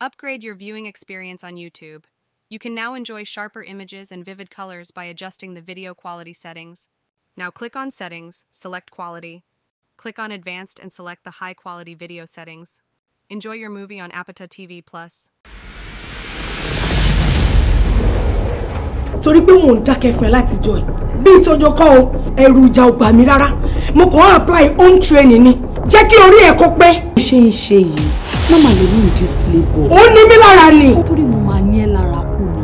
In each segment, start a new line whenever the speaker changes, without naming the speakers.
Upgrade your viewing experience on YouTube. You can now enjoy sharper images and vivid colors by adjusting the video quality settings. Now click on Settings, select Quality. Click on Advanced and select the High Quality Video settings. Enjoy your movie on Apata TV+. Plus.
torí pé mò ń dákẹ́ fẹ́ láti jọ ẹ̀ bí ìtọ́jọ́ kọ́ o ẹ̀rù ìjà ò bà mí rárá
mo n dake fe lati jo e bi itojo ko eru mi rara mo apply home training ni jẹ́ kí orí ẹ̀ kó pẹ́. ṣé má máa lè ní induced labour. ó ní mí lára ni.
nítorí mo máa ní ẹ lára kú ni.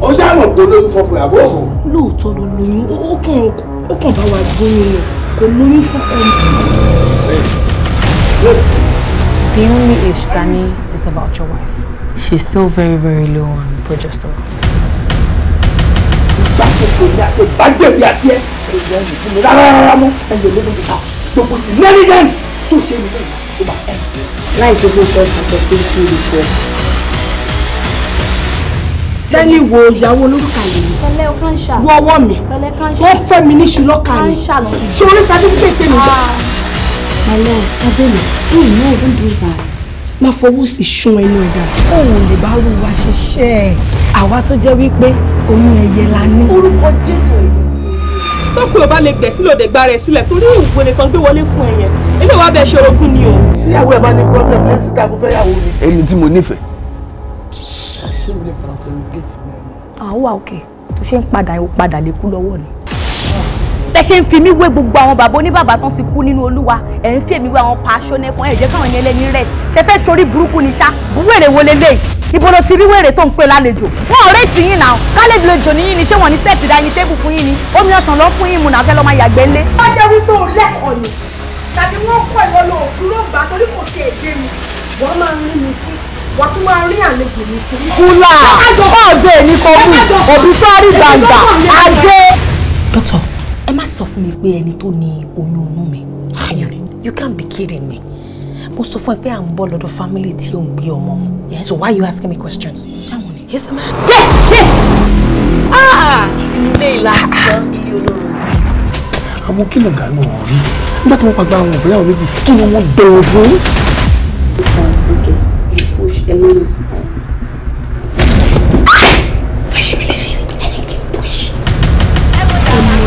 ó ṣàmọ̀ pé olóyún fọkùnrin àbọ̀ hàn. lóòótọ́ ló lóyún ó kàn
ó kàn bá wa gbóyún ni kò lóyún fọkùnrin. The only age Danny is about your wife.
She's still very, very low on progesterone.
Ìbáṣepọ̀ ni àti ìbágbèrè àti ẹ̀
ẹ̀yẹ́ ìfúnni rárá rárá mọ́ ẹ̀yẹ́ ló ló ti sá. Gbogbo sí negligence tó ṣe nílẹ̀ yìí tó bá ẹ̀ láì tó kó fẹ́ sọ pé kí n fẹ́. Tẹ́lí wo ìyàwó olórúkà yìí? Pẹ̀lẹ́ o kàn ṣà. Wọ ọwọ́ mi. Pẹ̀lẹ́ kàn ṣà. Wọ́n fẹ́ mi níṣu lọ́kà mi. Kàn ṣà lọ. pé mi jẹ? Pẹ̀lẹ́ o,
Abẹ́lẹ̀, who know who do that? Má fọwọ́ sí ṣun ẹnu ẹ̀dá. Òun lè bá rú wa ṣiṣẹ́ ẹ̀.
Àwa tó jẹ́ wípé oyún ẹyẹ la ní. Orúkọ Jésù èyí
tó kúrò bá lè gbẹ̀ sílò dẹ̀gbà rẹ̀ sílẹ̀ torí ìwò nìkan gbé wọlé fún ẹ yẹn ilé wa bẹ̀ ṣe orogún ni o. tíyàwó ẹ bá ní problem lẹ́yìn síta kó fẹ́ yàwó mi. èmi tí mo nífẹ̀ẹ́. ṣé mi lè padà sẹ́nu géètì mi.
àwa òkè tó ṣe ń padà ó padà lè kú lọ́wọ́ ni.
tẹ ṣe ń fi mí wé gbogbo àwọn bàbá oníbàbà tán ti kú nínú olúwa ẹ̀ ń fi èmi wé àwọn paṣọ nẹ́fọn ẹ̀ jẹ́ káwọn
ẹni ẹlẹ́ni rẹ̀ ṣe fẹ́ ibo ló ti rí wèrè tó ń pè lálejò wọn ò rétí yín náà kálejò lejò ní yín ni ṣé wọn ní sẹ́ẹ̀tì dá ẹni tébù fún yín ni omi ọ̀sán ló fún yín mu náà fẹ́ lọ́ máa yàgbẹ́ lé. wọ́n jẹ́ wípé òun lẹ́kọ̀ọ́ ni tàbí wọ́n kọ́ ìwọ lọ òdúró gbà torí kò ṣe èdè mi wọ́n máa ń rí mi sí wọ́n tún máa ń rí àlejò mi kúlà ọ̀dọ̀ èmi kò òbí sọ́ọ́rì gbàǹgbà ajé. dókítà ẹ má sọ fún mi pé ẹni tó ní oyún inú mi you can't be kidding me mo sọ fún ẹ pé à ń bọ̀ family tí ò ń gbé ọmọ yes so why you asking me questions. ṣáwọn ni. he's the
man.
yes yes.
ah ilé ìlàsán
ilé olóró.
àmọ́ kí lọ̀gá náà rí nígbà tí wọ́n pa gbára wọn ò fẹ́yàwó méjì kí ni wọ́n bẹ̀rù
okay
ah! push a little. ọmọ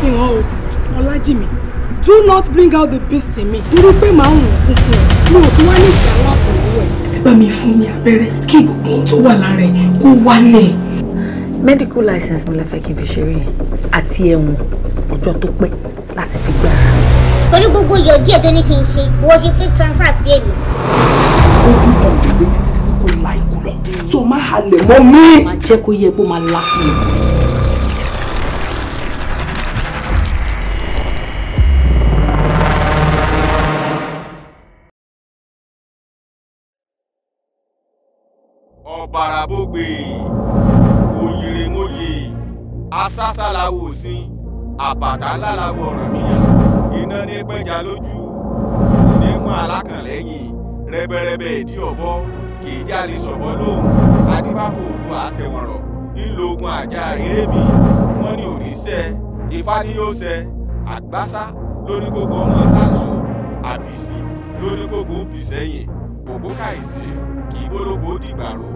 ti fi hàn ọ́ ọlájìmí do not bring out the beast in me irú pé màá hùn kún fún ẹ mo ò tún wá ní ìgbà wà pẹ̀lú ẹ. ẹ bá mi fún mi abẹ́rẹ́ kí gbogbo ohun tó wà lára ẹ kó wálẹ̀. medical license mi la fẹ́ kí n fi ṣeré yẹn
àti ẹ̀wọ̀n ọjọ́ tó pẹ́ láti fi gbára.
torí gbogbo iyọ̀ díẹ̀ tó ní kí n ṣe wọ́n ṣe fi transfer sí èmi. ó bí bọ̀dé létí títí kó la ikú lọ
tó máa halẹ̀ mọ́ mi. màá jẹ́ kó yẹ kó máa lá fún
ọ̀bàràbọ̀gbè òyèrèmọyè asásàláwò sin àbàtà láláwò Ọ̀rànmíyàn iná ní pẹ́jà lójú onígun alákànlẹ́yìn rẹ́bẹ̀rẹ́bẹ̀ ìdí ọ̀bọ kìí jáde sọ̀bọ lóhùn adífáfò òdùn àtẹ̀wọ̀nrọ̀ ńlọ ogun àjà rírèmí wọ́n ní òrìṣẹ́ ifá ni yóò ṣe àgbásá lórí kókó ọmọ sáàsù àbìsí lórí kókó bìsẹ́yìn bòbó kàìsì kì í gbólógbó dìgbàrò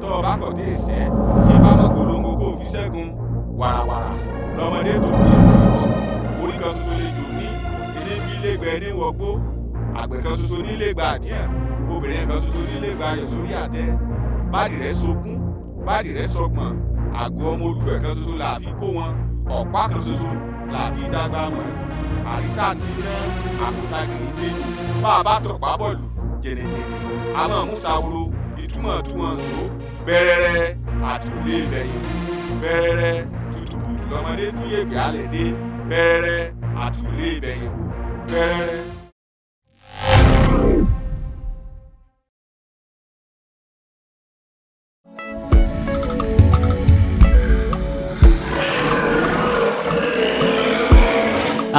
tó o bá kọ̀ tí èsì ẹ̀ ìfámọ́ polongo kó o fi ṣẹ́gun wàràwàrà lọ́mọdé tó kú ìsìsì kọ́ orí kan ṣoṣo lè jò ní ilé fi ilé gbẹ ní wọgbó àgbẹ̀ kan ṣoṣo nílé gba àdíẹ̀ obìnrin kan ṣoṣo nílé gba ayọ̀ sórí àtẹ báàdì rẹ̀ sokún báàdì rẹ̀ sọgbọ̀n àgọ́ ọmọ olúfẹ̀ kan ṣoṣo là fi kó wọn ọ̀pá kan ṣoṣo là fi dágbà mọ̀lú àrísà ti rán àkútagìrì kéjì bá bá tọ̀pá bọ̀lù jẹ̀nẹ̀jẹ̀nẹ̀ àmọ́ mùsàwòrò ìtumọ̀ tí wọ́n ń so bẹ́rẹ́rẹ́ àtòlé lẹ́yìn bẹ́rẹ́rẹ́ tutubutu
lọ́mọdé tú yègbé bẹ́rẹ́rẹ́ àtòlé ìbẹ̀yìn bẹ́rẹ́rẹ́.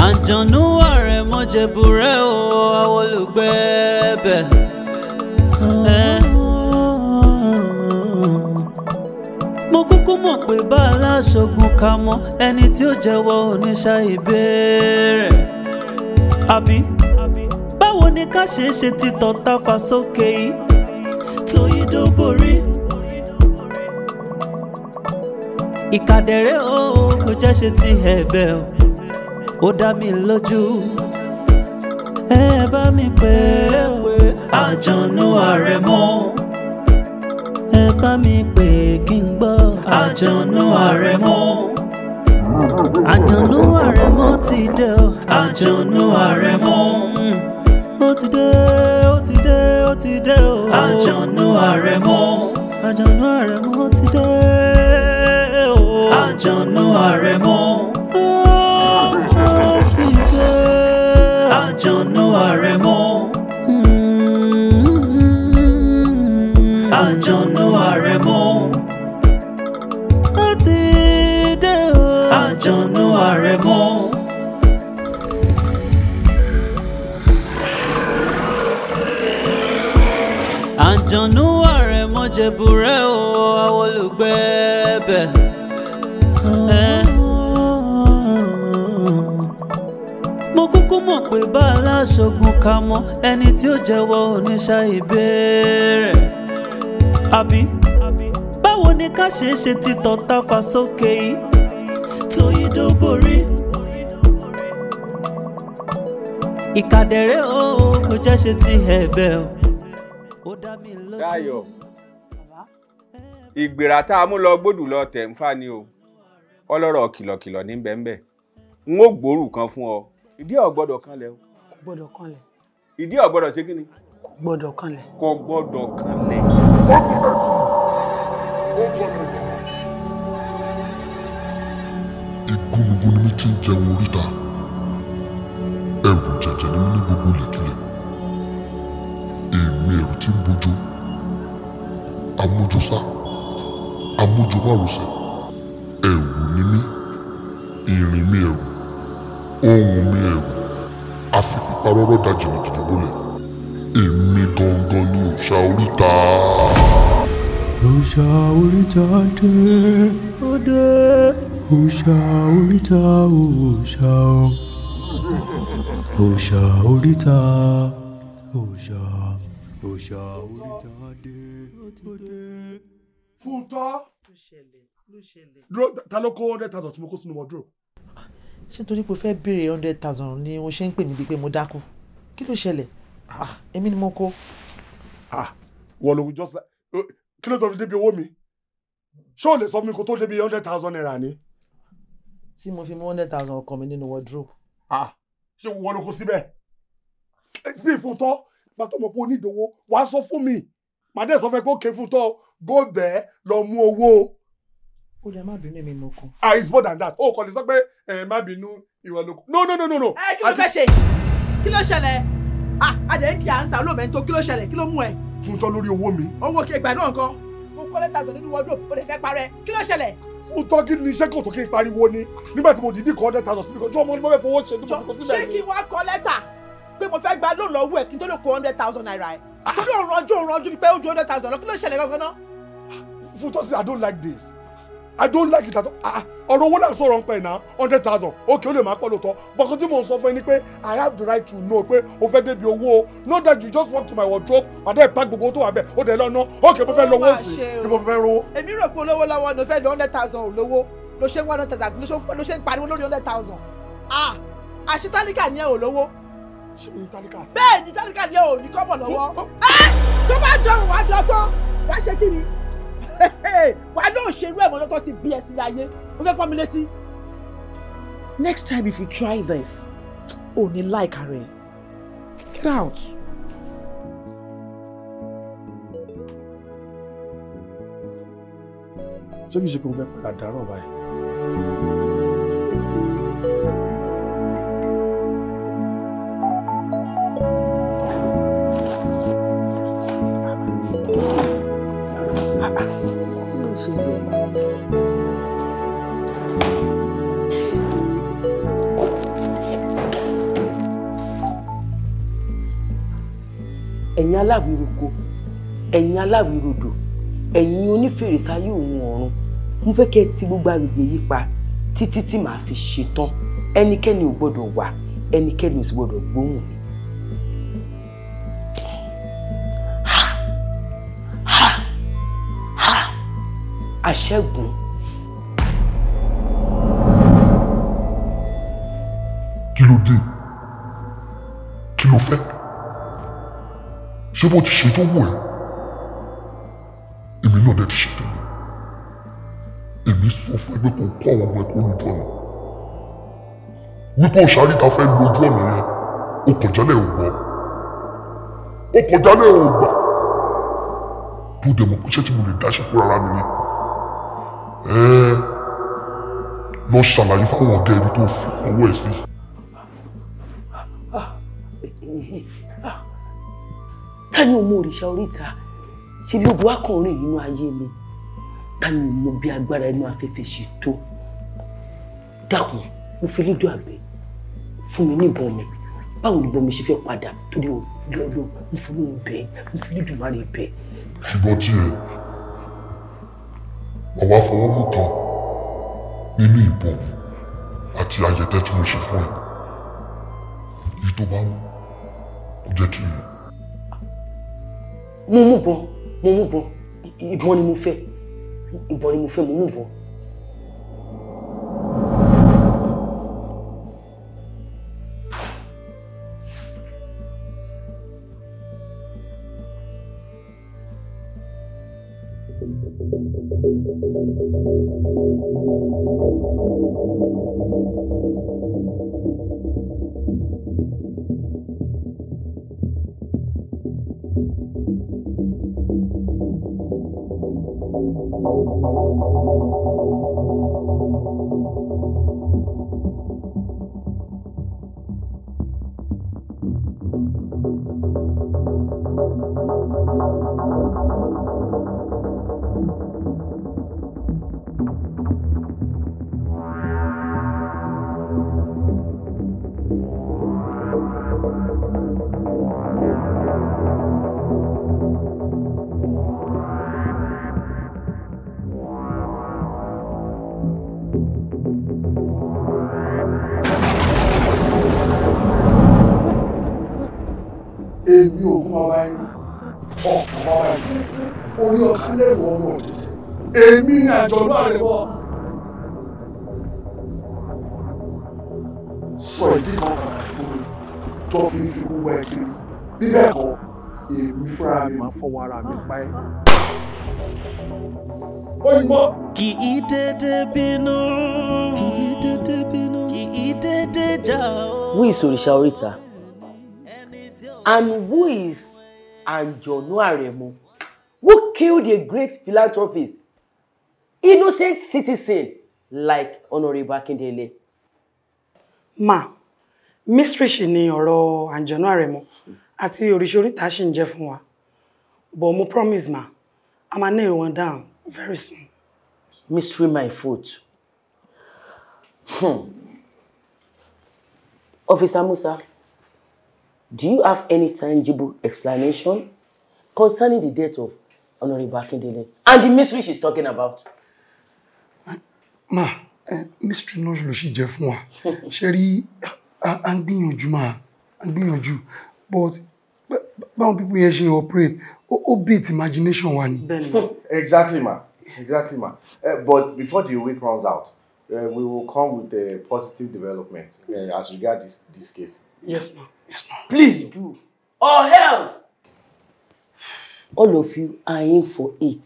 àjọ̀nú ọ̀rẹ́ mọ̀jẹ̀bùrẹ́ o àwọn olùgbẹ́ bẹ́ẹ̀. mo kúkú mọ̀ pé bá aláṣọgun ká mọ́ ẹni tí ó jẹ́wọ́ oníṣà ìbéèrè àbí báwo ni ká ṣe ṣe ti tọ̀ta fà sókè yìí tóyí dó borí ìkàdẹ̀rẹ́ ooo kò jẹ́ ṣe ti ẹ̀bẹ̀ o ó dá mi lójú ẹ bá mi pè é o àjọ̀nú àrẹ̀mọ ẹ bá mi pè é kí n àjọ̀nú àrẹ̀mọ. àjọ̀nú àrẹ̀mọ ti dé o. àjọ̀nú àrẹ̀mọ. ó ti dé ó ti dé ó ti dé o. àjọ̀nú àrẹ̀mọ. àjọ̀nú àrẹ̀mọ ti dé o. àjọ̀nú àrẹ̀mọ. ó ti dé. àjọ̀nú àrẹ̀mọ. rẹ mọ́. àjọ̀nú ààrẹ mọ̀jẹ̀bùrẹ́ o àwọn olùgbẹ́ bẹ̀. mo kúkú mọ̀ pé bá aláṣọgun ká mọ ẹni tí ó jẹ́wọ́ oníṣà ìbéèrè. àbí báwo ni ká ṣe é ṣe títọ́ tá a fà sókè yìí. Toyido borí. Ìkàdẹ̀rẹ́ o kò jẹ́ ṣe ti ẹ̀bẹ̀ o.
Ó dá mi lójú. Dayọ̀,
ìgbèrà tá a mú lọ gbódù lọ tẹ̀ ń fà ni o. Ọlọ́rọ̀ kìlọ̀kìlọ̀ ní bẹ́ńbẹ́. N ó gbòòrù kan fún ọ. Ìdí ọ̀ gbọ́dọ̀ kanlẹ̀ o.
Kò gbọ́dọ̀ kanlẹ̀.
Ìdí ọ̀ gbọ́dọ̀ ṣe kí ni? Kò gbọ́dọ̀ kanlẹ̀. Kò gbọ́dọ̀ kanlẹ̀. Ó gbọ́dọ̀ tún.
Ó gbọ́dọ̀ tún. tí ń jẹun oríta ẹ̀rù jẹ̀jẹ̀ ni mo ní gbogbo lẹ́tulẹ̀ èmi ẹ̀rù tí ń bojú amójúsá amójúmárùsẹ̀ ẹ̀rù ni mí ìrìn mi ẹ̀rù ohùn mi ẹ̀rù àfi píparọ́rọ́ da jìnnìjìnnì bolẹ̀ èmi gangan ni òòṣà oríta.
òòṣà oríta dé. ó dé òòṣà oríta òòṣà òòṣà oríta
òòṣà òòṣà
oríta dé dé.
Fúntọ́ dúró ta ló kó hundred thousand tí mo kó sínú wardrobe. ṣé torí pé o fẹ́ béèrè hundred thousand ni o ṣe ń pè mí bíi pé mo dákú kí ló ṣẹlẹ̀ ah. Ah, èmi ni mo kó. Ah, wọ́n ló just like kí ló tó fi débi owó mi ṣé o lè sọ fún mi kó tó débi hundred thousand naira ni tí mo fi mú one hundred thousand ọkọ mi nínú wardrobe. ah ṣé wọ́n ló kó síbẹ̀ sí ìfúntọ́ pàtó mọ̀ pé onídòwò wàá sọ fún mi màdé sọ fẹ́ pé ó ké fúntọ́ gòdè lọ mú owó. ó dẹ má bínú mi mo kàn. ah it's more than that ó kàn lè sọ pé
ẹ má bínú ìwà lóko
no no no no no. ẹ kí ló fẹ́ ṣe kí ló ṣẹlẹ̀ ah àjẹ́ kí à ń sà lóòmẹ́ tó kí ló ṣẹlẹ̀ kí ló mú ẹ. fúntọ́ lórí owó mi. owó kí ìgbà náà kan mo kọ́ lẹ́tà wardrobe ó lè fẹ́ parẹ́ kí ló ṣẹlẹ̀ fún tọ́kì ní iṣẹ́ kò tó kí n pariwo ni nígbà tí mo dìídì kọ́ hundred thousand síbi kan ṣé ọmọ ni mo fẹ́ fowó ṣe tó mo fi kọ́ sílẹ̀. ṣé kí wàá kọ lẹ́tà pé mo fẹ́ gba lóun lọ́wọ́ ẹ̀ kí n tó lè kó hundred thousand naira ẹ̀ torí òun rọjò òun rọjò ni pé ó ju hundred thousand lọ kí ló ṣẹlẹ̀ gangan náà. Futosi I don't like this I don't like it at all. Ah, ah. ọ̀rọ̀ owó náà sọ̀rọ̀ ń pẹ̀ náà hundred thousand okay ó lè máa pọ̀ lóòótọ́ bọ̀kan tí mò ń sọ fún ẹ ni pé I have the right to know pé o fẹ́ débi owó o not that you just walk to my wardrobe àdá ìpa gbogbo tó wà bẹ́ẹ̀ ó dẹ̀ lọ́nà okay mo fẹ́ lọ́wọ́ sí i mo fẹ́ rówó. èmi rò pé olówó lọ́wọ́ ló fẹ́ lọ hundred thousand ò lówó ló ṣe one hundred thousand ló ṣe ń pariwo lórí hundred thousand ah àṣetálíkà ni ẹ ò lówó ṣe ní tálíkà. bẹ́ẹ̀ ni tálíkà ni ẹ ò ní kọ́bọ̀ lọ́wọ́. Ah, Why don't náà ṣerú ẹ̀mọ́ to ti bí ẹ sí láyé o fẹ́
next time if you try this only like her. get
out. ṣé kìí ṣe pé mo fẹ́ padà dáràn báyìí.
ẹ̀yin aláwìrogo ẹ̀yin aláwìrodò ẹ̀yin onífèrèsé ayé òun ọ̀run mo fẹ́ kẹ́ ẹ ti gbogbo àgbègbè yìí pa títí tí màá fi ṣetán ẹnikẹ́ni ò gbọ́dọ̀ wà ẹnikẹ́ni ò sì gbọ́dọ̀ gbóhùn mi.
àṣẹ́gun.
kí ló dé kí ló fẹ́ ṣé bó ti ṣe tó wù ẹ́ èmi náà dẹ̀ ti ṣe tẹ̀lé èmi sọ fún ẹgbẹ́ kan kọ́ àwọn ọmọ ẹ̀kọ́ olùtọ́ náà wípé òṣàrí ta fẹ́ lójú ọ̀nà yẹn ó kọjálẹ̀ ò gbọ́ ó kọjálẹ̀ ò gbà tó dẹ̀ mọ̀ pé iṣẹ́ tí mo lè dáṣe fún ara mi ni ẹ lọ ṣàlàyé fáwọn ọ̀gá ẹni tó fi ọwọ́ ẹ̀ sí.
ta ni ọmọ òrìṣà oríta
ṣe bí ogun akọrin nínú ayé mi ta ni ọmọ bí agbára inú afẹ́fẹ́ ṣe tó dákun mo fi lédò àgbẹ̀ fún mi níbọn mi báwo ni bọ́mi ṣe fẹ́ padà torí olóòlò mo fi lóun bẹ́ẹ̀ mo fi lédò má rí bẹ́ẹ̀.
ṣùgbọ́n tí ẹ ọwọ́ afọwọ́mú kan nínú ìbò àti ayẹtẹ tí mo ṣe fún ẹ èyí tó bá mú kó jẹ́ kí n mọ̀
mo mú bọ́n mo mú bọ́n ìbọn ni mo fẹ́ ìbọn ni mo fẹ́ mo mú bọ́n.
àjọ̀dún àrẹ̀wọ̀ sọ ìdí kan pàtàkì fún mi tó fi fi wúwo ẹ kiri bí bẹ́ẹ̀ kọ́ èmi fúnra mi máa fọwọ́ ara mi pa ẹ́.
Oyinbo. Kì í dédé bínú. Kì í dédé bínú. Kì í dédé jà o.
Who is Òrìṣà Oríta? And who is Àjọ̀nú Àrẹ̀mú? Who killed a great philanthropist innocent citizen like Honorable Akindele.
Ma, mystery ni ọ̀rọ̀ Àǹjọ̀nú Àrẹ̀mọ àti oríṣiríta ṣì ń jẹ́ fún wa. But mo promise ma, a máa nail one down very soon. Mystery my foot. Hmm.
Officer Musa, do you have any tangible explanation concerning the death of Honorable Akindele and the mystery she's talking about?
ma mystery nurse ló sì jẹ́ fún wa ṣe rí à ń gbìyànjú mà à ń gbìyànjú but báwọn pípọ̀ yẹn ṣe operate ó beat imagination wa ni.
exactly
ma exactly ma eh, but before the week runs out uh, we will come with a positive development uh, as regard this, this case.
yes ma yes ma. please do
or else all of you are in for it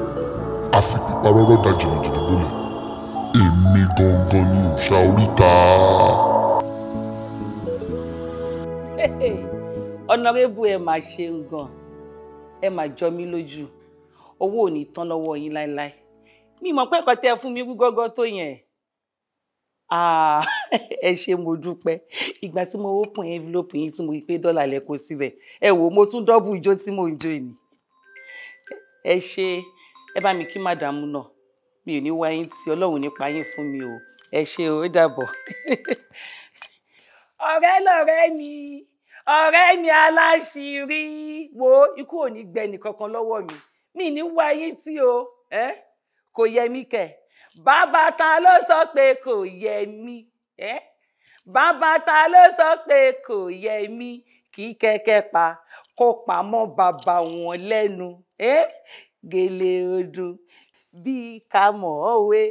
àfi píparọ́rọ́ da jìnnìjìnnì bolẹ̀ èmi gangan ni òòṣà oríta.
ọ̀nàrẹ́bù ẹ̀ máa ṣe ń gan ẹ̀ máa jọ mí lójú owó ò ní tán lọ́wọ́ yín láéláé mi mọ̀ pé ẹ̀kọ́ tẹ́ ẹ fún mi wú gọ́gọ́ tó yẹn ah, ẹ ṣe mo dúpẹ́ ìgbà tí mo open envelope yín tí mo rí pé dọ́là lẹ kó síbẹ̀ ẹ wò mo tún dọ́bù ijó tí mo ń jó ni ẹ ṣe ẹ bá mi kí màdàmú náà mi ò ní wá yín tí ọlọ́run nípa yín fún mi o ẹ ṣe o ó dàbọ̀. ọ̀rẹ́ lọ̀rẹ́ mi ọ̀rẹ́ mi aláṣìírí wo ikú ò ní gbẹ̀nì kankan lọ́wọ́ mi mi ní wá yín tí o ẹ kò yẹ mí kẹ bàbá ta ló sọ pé kò yẹ mí bàbá ta ló sọ pé kò yẹ mí kí kẹ́kẹ́ pa kó pamọ́ bàbá wọn lẹ́nu ẹ gèlè odu bíi ká mọ̀ ọ́ wé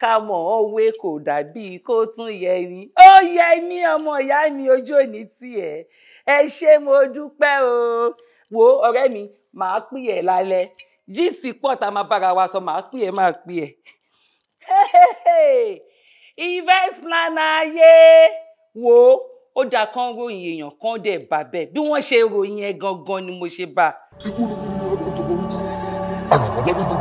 ká mọ̀ ọ́ wé kò dàbí kó tún yẹ ni ó yẹ ní ọmọ ìyá mi ojú òní tiẹ̀ ẹ ṣé mo dúpẹ́ o wo ọ̀rẹ́ mi màá pè ẹ́ lálẹ́ jíìsì pọ̀ tá a máa bára wa sọ màá pè ẹ́ máa pè ẹ́ event planner yé wo ó da kán ròyìn èèyàn kán dẹ̀ bàbẹ̀ bí wọ́n ṣe ròyìn ẹ̀ gangan ni mo ṣe bá a.
Yeah.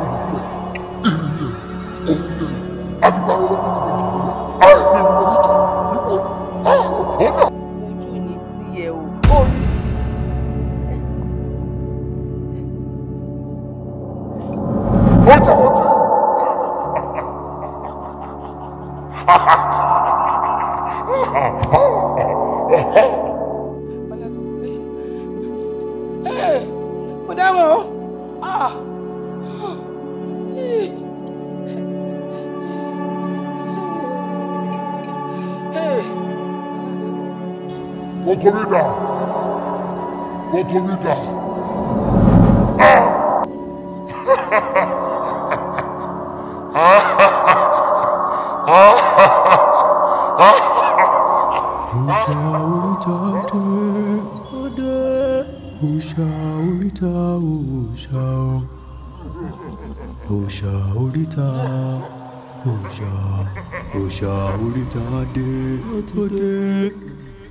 jáde ó
dé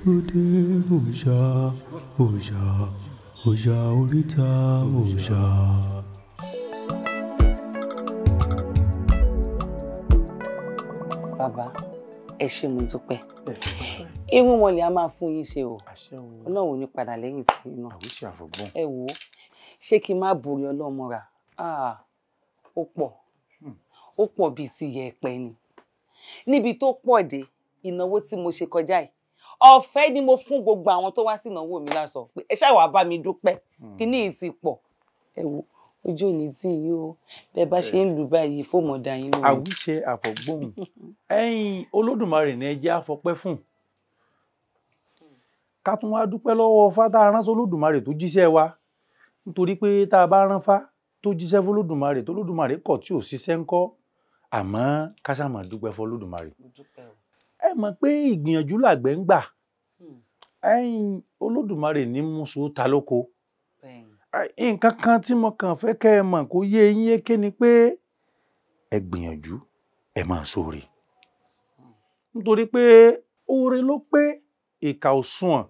ó dé òòṣà òòṣà òòṣà oríta òòṣà.
bàbá ẹ ṣé mo dúpẹ́ ewu wọn lè a máa fún yín ṣe o ọlọ́run ò ní padà lẹ́yìn tí iná ẹ wò ó ṣé kí n má borí ọlọ́mọra ah, ó pọ̀ hmm. ó pọ̀ bíi ti yẹ̀pẹ̀ ni níbi tó pọ̀ dé ìnáwó tí mo ṣe kọjá yìí ọ̀fẹ́ ni mo fún gbogbo àwọn tó wá sí ìnáwó mi lásọ pé ẹ ṣáà wàá bá mi dúpẹ́ hmm. kíní yìí ti pọ̀ ẹ wo ojú òní tí yìí o bẹ bá ṣe ń eh. lù báyìí fòmọdà
yín o. àwíṣe àfọgbóhùn ẹ̀yin olódùmarè ni ẹ jẹ́ àfọpẹ́ fún ká tún wá dúpẹ́ lọ́wọ́ fátá aránṣẹ́ olódùmarè tó jíṣẹ́ wa nítorí pé tá a bá rán fá tó jíṣẹ́ fún olódùmarè tó olódùmarè kọ̀ tí ò ṣiṣẹ́ ńkọ́ àmọ́ kásámọ̀ dúpẹ́ fọlọ́dùmarè ẹ mọ̀ pé ìgbìyànjú làgbẹ̀ ń gbà hmm. ẹyin olódùmarè ní mùsù ta lóko nǹkan kan tí mo kàn fẹ́ kẹ́ ẹ mọ̀ kó yé yín yéké ni pé ẹ gbìyànjú ẹ máa ṣoore hmm. nítorí pé oore ló pé ìkà òsùn ọ̀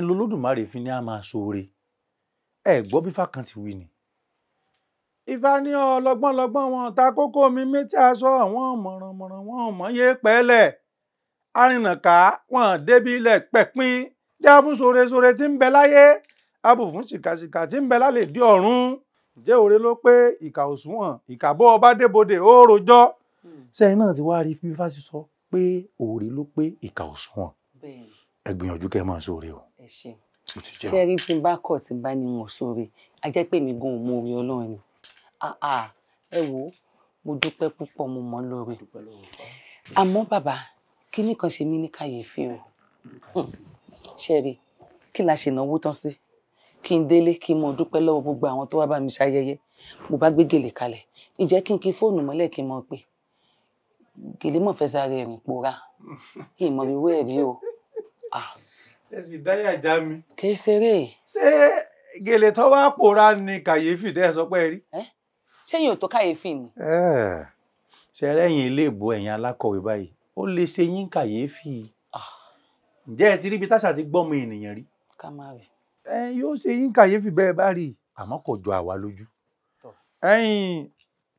ńlọ olódùmarè fi ní a máa ṣoore ẹ gbọ́ bí fákan wí ni Ifá ní ọlọ́gbọ́nlọ́gbọ́n wọn ta kókó mi méjì aṣọ àwọn mọ̀rànmọ̀ràn wọn ò mọ̀yé pẹ́ẹ́lẹ̀ arìnàká wọn débi ilẹ̀ pẹ̀pin díá fún ṣoreṣore tí ń bẹ láyé abù fún ṣìkàṣìkà tí ń bẹ lálẹ́ dí ọ̀run ǹjẹ́ òre ló pé ìkà òṣùwọ̀n ìkàbọ̀ ọba débodè ó rojọ́ sẹ́yìn náà ti wá rí bí Ifá sọ pé òre ló pé ìkà òṣùwọ̀n ẹ kẹ́ máa sóore o. ṣe rí tí bá kọ̀ tí bá ní wọn sóore
a mi gan ò mọ orí Ọlọ́run ni. Ah, ah. ẹ wò mo dúpẹ́ púpọ̀ mo mọ̀ lóore àmọ́ bàbá kíní kan ṣe mí ní kàyéfì o hmm. ṣẹ́ẹ̀rì kí la ṣe náwó tán sí kí n délé kí n mọ dúpẹ́ lọ́wọ́ gbogbo àwọn tó wá bá mi ṣayẹyẹ mo bá gbé gèlè kalẹ̀ ìjẹ́ kí n kí fóònù mọ́lẹ̀ kí n mọ pé gèlè mọ̀ fẹ́ sáré ẹ̀rìn pòórá ìmọ̀ ìwé ẹ̀rí o.
Ah. ẹ sì dáyà já mi. kì í ṣeré. ṣé gèlè tó wá pòórá ni kàyéfì tẹ́ ẹ sọ pé ẹ rí
ṣẹ́yìn ò tó kàyéfì ni.
Eh, ṣẹrẹ́yìn iléèbó ẹ̀yin alákọ̀wé báyìí ó lè ṣe yín kàyéfì ah. ǹjẹ́ ẹ ti ríbi táṣà ti gbọ́mọ ènìyàn rí. ká má rí. ẹ yóò ṣe yín kàyéfì bẹ́ẹ̀ bá rí i àmọ́ kò jọ àwa lójú. ẹ̀yin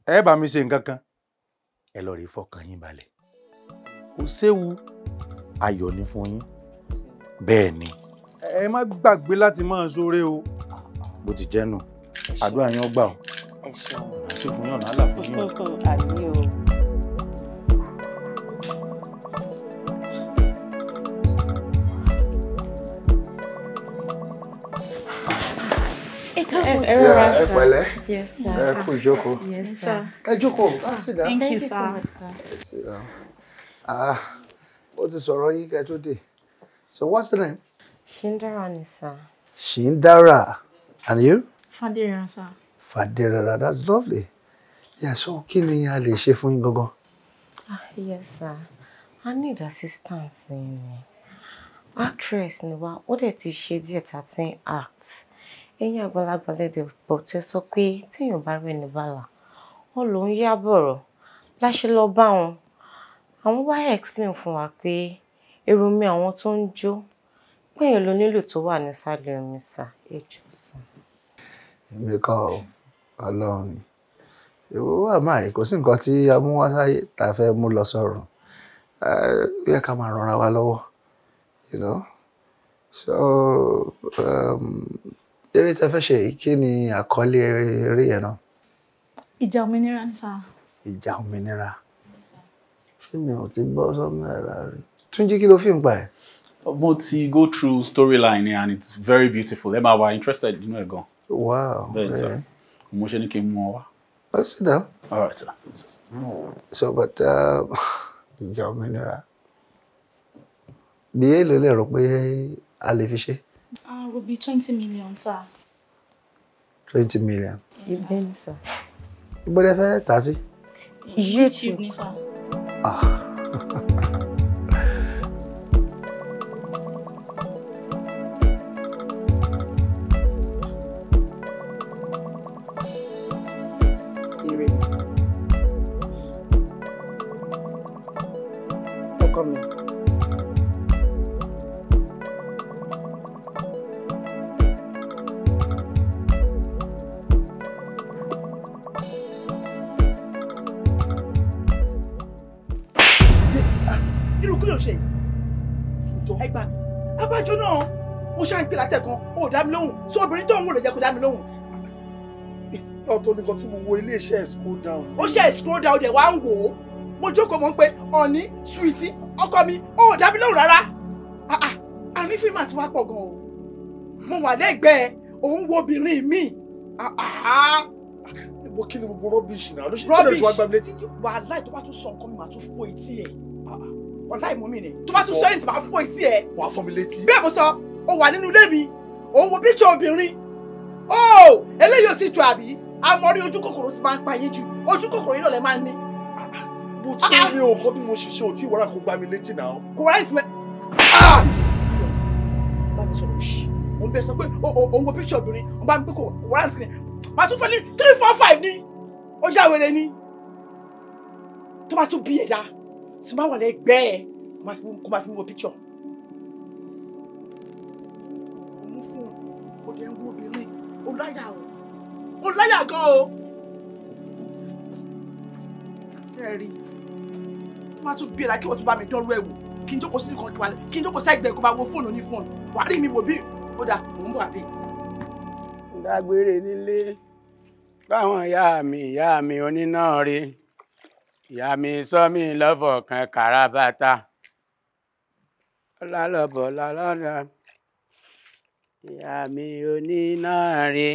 ẹ bá mi ṣe nǹkan kan ẹ lọ rí fọkàn yín balẹ̀ kò séwu ayọ̀ ni fún yín bẹ́ẹ̀ ni ẹ má gbàgbé láti máa ṣoore o ah, ah. bó ti jẹ́ nù àdúrà yín ó o àṣefún náà lálà fún yín. àmì
o. ẹ rọra sir ẹ pẹ̀lẹ́ ẹ kú ìjókòó ẹ jókòó láti dá. thank you
sir. ah ó ti sọ̀rọ̀ yín kẹ́ tó dé
so what's the name. Shindara Nisa.
Shindara and you.
Fadira sir.
Faderara, that's lovely. Yeah, so kí ni a lè ṣe fún yín gangan?
Ah, yes, sir. I need assistance ni. Actress ni wá, ó dẹ̀ ti ṣe díẹ̀ tá ti ń act. Ẹ̀yin àgbàlagbà lẹ́dẹ̀ bọ̀ tẹ́ sọ pé téèyàn bá rẹ̀ ní bàlà, wọ́n ló ń yá bọ̀rọ̀. Láṣẹ lọ bá wọn. Àwọn wá explain fún wa pé èrò mi àwọn tó ń jó péèyàn ló nílò tó wà nísàlẹ̀ omi sà, ẹjọ́ sà.
Èmi kọ́ ọ ọlọ́run èwo wà máa kò sí nǹkan tí a mú wá sáyé tá a fẹ́ mú lọ sọ̀rọ̀ yẹ ká máa ranra wa lọ́wọ́ you know so um, eré tẹ fẹ́ ṣe yìí kí ni àkọlé eré yẹn náà.
ìjà òmìnira ń sá.
ìjà
òmìnira
ṣé mi ò ti gbọ́ sọ́mọ́ ẹ̀ láàrin Túnjí kí ló fi ń pa ẹ̀.
mo ti go through storyline and it's very beautiful ẹ máa wà interested nínú ẹ̀ gan. wow bẹ́ẹ̀ sọ. Okay mo ṣe ní kí n mú ọ wá. oh sit down. all right sir.
so but uh, ìjà òmìnira bí èèlò lè rò pé a lè fi ṣe.
a ah, rò twenty million sir.
twenty million.
ibẹ̀ ni sir.
ibo lẹ fẹ́ tà sí.
youtube ni sir. ah.
ọkọ mi.
irú kí ló ṣe yìí ẹ gbà mí abájọ náà mo ṣáà ń pè látẹ̀kan ó dá mi lóhùn sí obìnrin tó ń wò ló jẹ́ kó dá mi lóhùn náà tó ní kan scroll down. Oh, ṣe scroll down dẹ̀ wá ń wò ó come on, mọ́ pé sweetie ọkọ mi ò dá mi lóhùn rárá àárín ah, ah, fíìmù àti wá pọ̀ gan o mo wà lẹ́gbẹ̀ẹ́ òun wo obìnrin mi ah, mo kí ni gbogbo rubbish náà ló ṣe tẹ́lẹ̀ tí wọ́n gbà mí létí. wàhálà tó bá tún sọ nǹkan mi màá tún fọ etí ẹ̀ wàhálà ìmọ̀ mi ni tó bá tún sọ èyí tí màá fọ etí ẹ̀. wàá fọ mi létí. bẹ́ẹ̀ mo sọ o wà nínú ilé mi òun wo picture obìnrin o eléyìí ò ti jọ àbí amọ̀rí ojú kòkòrò ti máa ń pa yín jù ojú kòkòrò yín lọ́lẹ̀ máa ń ní mo ti rí
ọkọ tí mo ṣiṣẹ́ ò tí ìwọ́ra kò gbá mi létí náà.
kò ráìtì ah! bá mi sọ̀rọ̀ òṣì òun bẹ sọ pé òun wo picture obìnrin òun bá mi pé kò warrant ni màá tún fẹ́ ní three four five ní ó já ni tó máa tún bí ẹ̀dá sì máa wà lẹ́gbẹ́ ẹ̀ kó máa fi wo picture. òun fún un ó dẹ̀ ń wo obìnrin ó láyà o ó láyà gan o. ẹ má tún bíra kí wọ́n tún bá mi dọ́rú ẹ̀ kí n jókòó sí nìkan kíbalẹ̀ kí n jókòó sẹ́gbẹ̀ẹ́ kó bá wo fóònù ní fóònù wà mi wò bí ó dà mò ń bọ̀ àbí. dágbére nílé báwọn ìyá mi ìyá mi oníná rí ìyá mi sọ mí lọ́fọ̀ kan kàràbàtà ọlálọ́bọ̀ lálọ́dà ìyá mi oníná rí.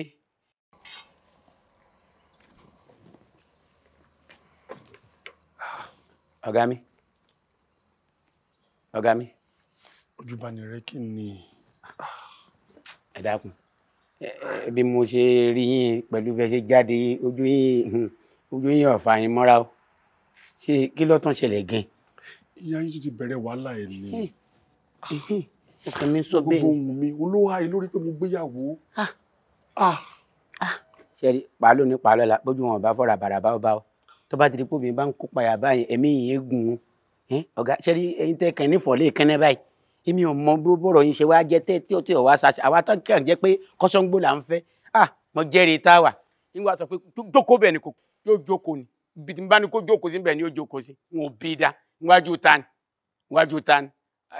ọ̀gá mi ọ̀gá mi.
ojúbani rẹ kí
ni. ẹ dákun bí mo ṣe rí yín pẹ̀lú bẹ́ẹ̀ ṣe jáde ojú yín ojú yín ọ̀fà yín mọ́ra o ṣé kí ló tún ṣẹlẹ̀ gan. ìyá yín tún ti bẹ̀rẹ̀ wàhálà ẹ̀ ni. ọkàn mi sọ bẹ́ẹ̀ ni. gbogbo ohun mi olówó ayé lórí pé mo gbéyàwó. Ah. Ah. Ah. ṣe rí pàálù ní pàálù la bójú wọn ò bá fọ́ra bàrà báwọ́ tó bá ti di pé obìnrin bá ń kópa yà báyìí ẹ̀mí yìí gùn ún ọ̀gá ṣẹ́rí ẹyin tẹ́ kàn nífọ̀ lè kẹ́nẹ́ báyìí èmi ò mọ bó bọ̀rọ̀ yín ṣe wá jẹ́ tẹ́ tí ó ti ọ̀wá ṣaṣẹ àwa tó kàn jẹ́ pé kọ́sọ́ngbó là ń fẹ́ à ah, mo jẹ́rìí táwà nígbà sọ pé jókòó bẹ̀ ni kò yóò jókòó ni bí n bá ní kó jókòó sí bẹ̀ ni yóò jókòó sí n ò bí da níwájú ta ni níwájú ta ni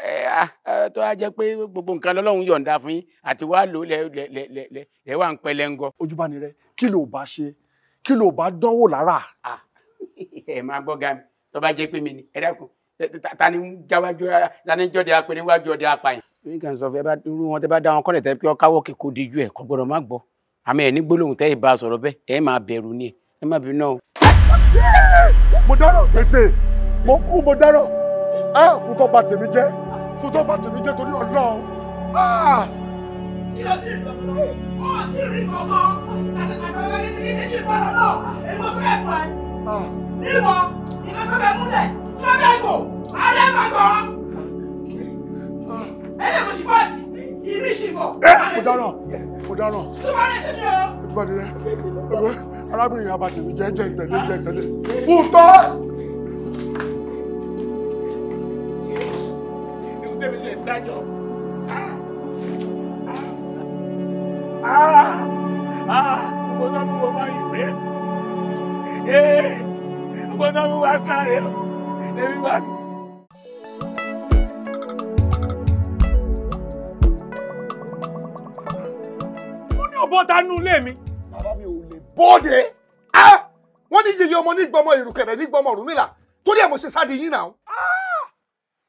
eh, ah, eh, tó a jẹ́ pé gbogbo nǹkan lọ́lọ́run yọ̀ǹda fún yín àti wàá lò lẹ́wà ń pẹlẹ́ngọ.
ojúbani rẹ kí ló bá ṣe kí ló bá dánwò lára ah,
ẹ máa gbọ́ ga mi tó bá jẹ́ pé mi ni ẹ dákun ta ni jáwájú ta ni jọ́de apẹ̀ níwájú ọdẹ apààyàn. mi kàn sọ fún ẹ bá irú wọn tẹ bá dá wọn kọ́lẹ̀ tẹ kí ọ káwọ́ kíkó dijú ẹ kò gbọdọ̀ má gbọ́ àmì ẹ̀ ní gbólóhùn tẹ́ ẹ bá sọ̀rọ̀ bẹ́ẹ̀ ẹ máa bẹ̀rù ni ẹ má bínú o. mo dárò gbèsè mo kú mo dárò á fún tó bà tèmi jẹ́ fún tó bà tèmi jẹ́ torí Ọlọ́run á. kí ló ti rí kọ̀ọ̀kan ó ti rí kọ̀ọ̀kan àṣàkàṣà ọ̀gá yìí ti ní ṣe ṣe ìpàdánù ẹ̀ mọ́ sọ́kẹ́ fún ẹ ìwọ
ìkan tó bẹ múlẹ̀ sábẹ́ ẹ̀kọ́ alẹ́ máa gbọ́
ẹ̀rẹ́ kò sì fọ́ ìmí sì bọ̀. ẹ kò dáná kò dáná. tó bá rẹ̀ sí mi o. tó bá rẹ̀ ẹgbẹ́ arábìnrin yàrá bàtẹ̀ mi jẹ́ jẹ́ tẹ̀lé jẹ́ tẹ̀lé fún tọ́.
tẹ́mi ṣe dájọ́. Ah! Ah! Mo náà bí wọ́n máa yìí rẹ̀ ee gbọ́dọ̀ mi wá sáré o èmi wá. ó ní òbọ̀ ta nú ilé mi.
bàbá mi ò lè
bọ́ọ̀dẹ ah! wọ́n ní yeye ọmọ nígbọmọ ìrùkẹ̀rẹ̀ nígbọmọ
Ọ̀rúnmìlà torí ẹ̀ mo ṣe sáde yín náà. Ah!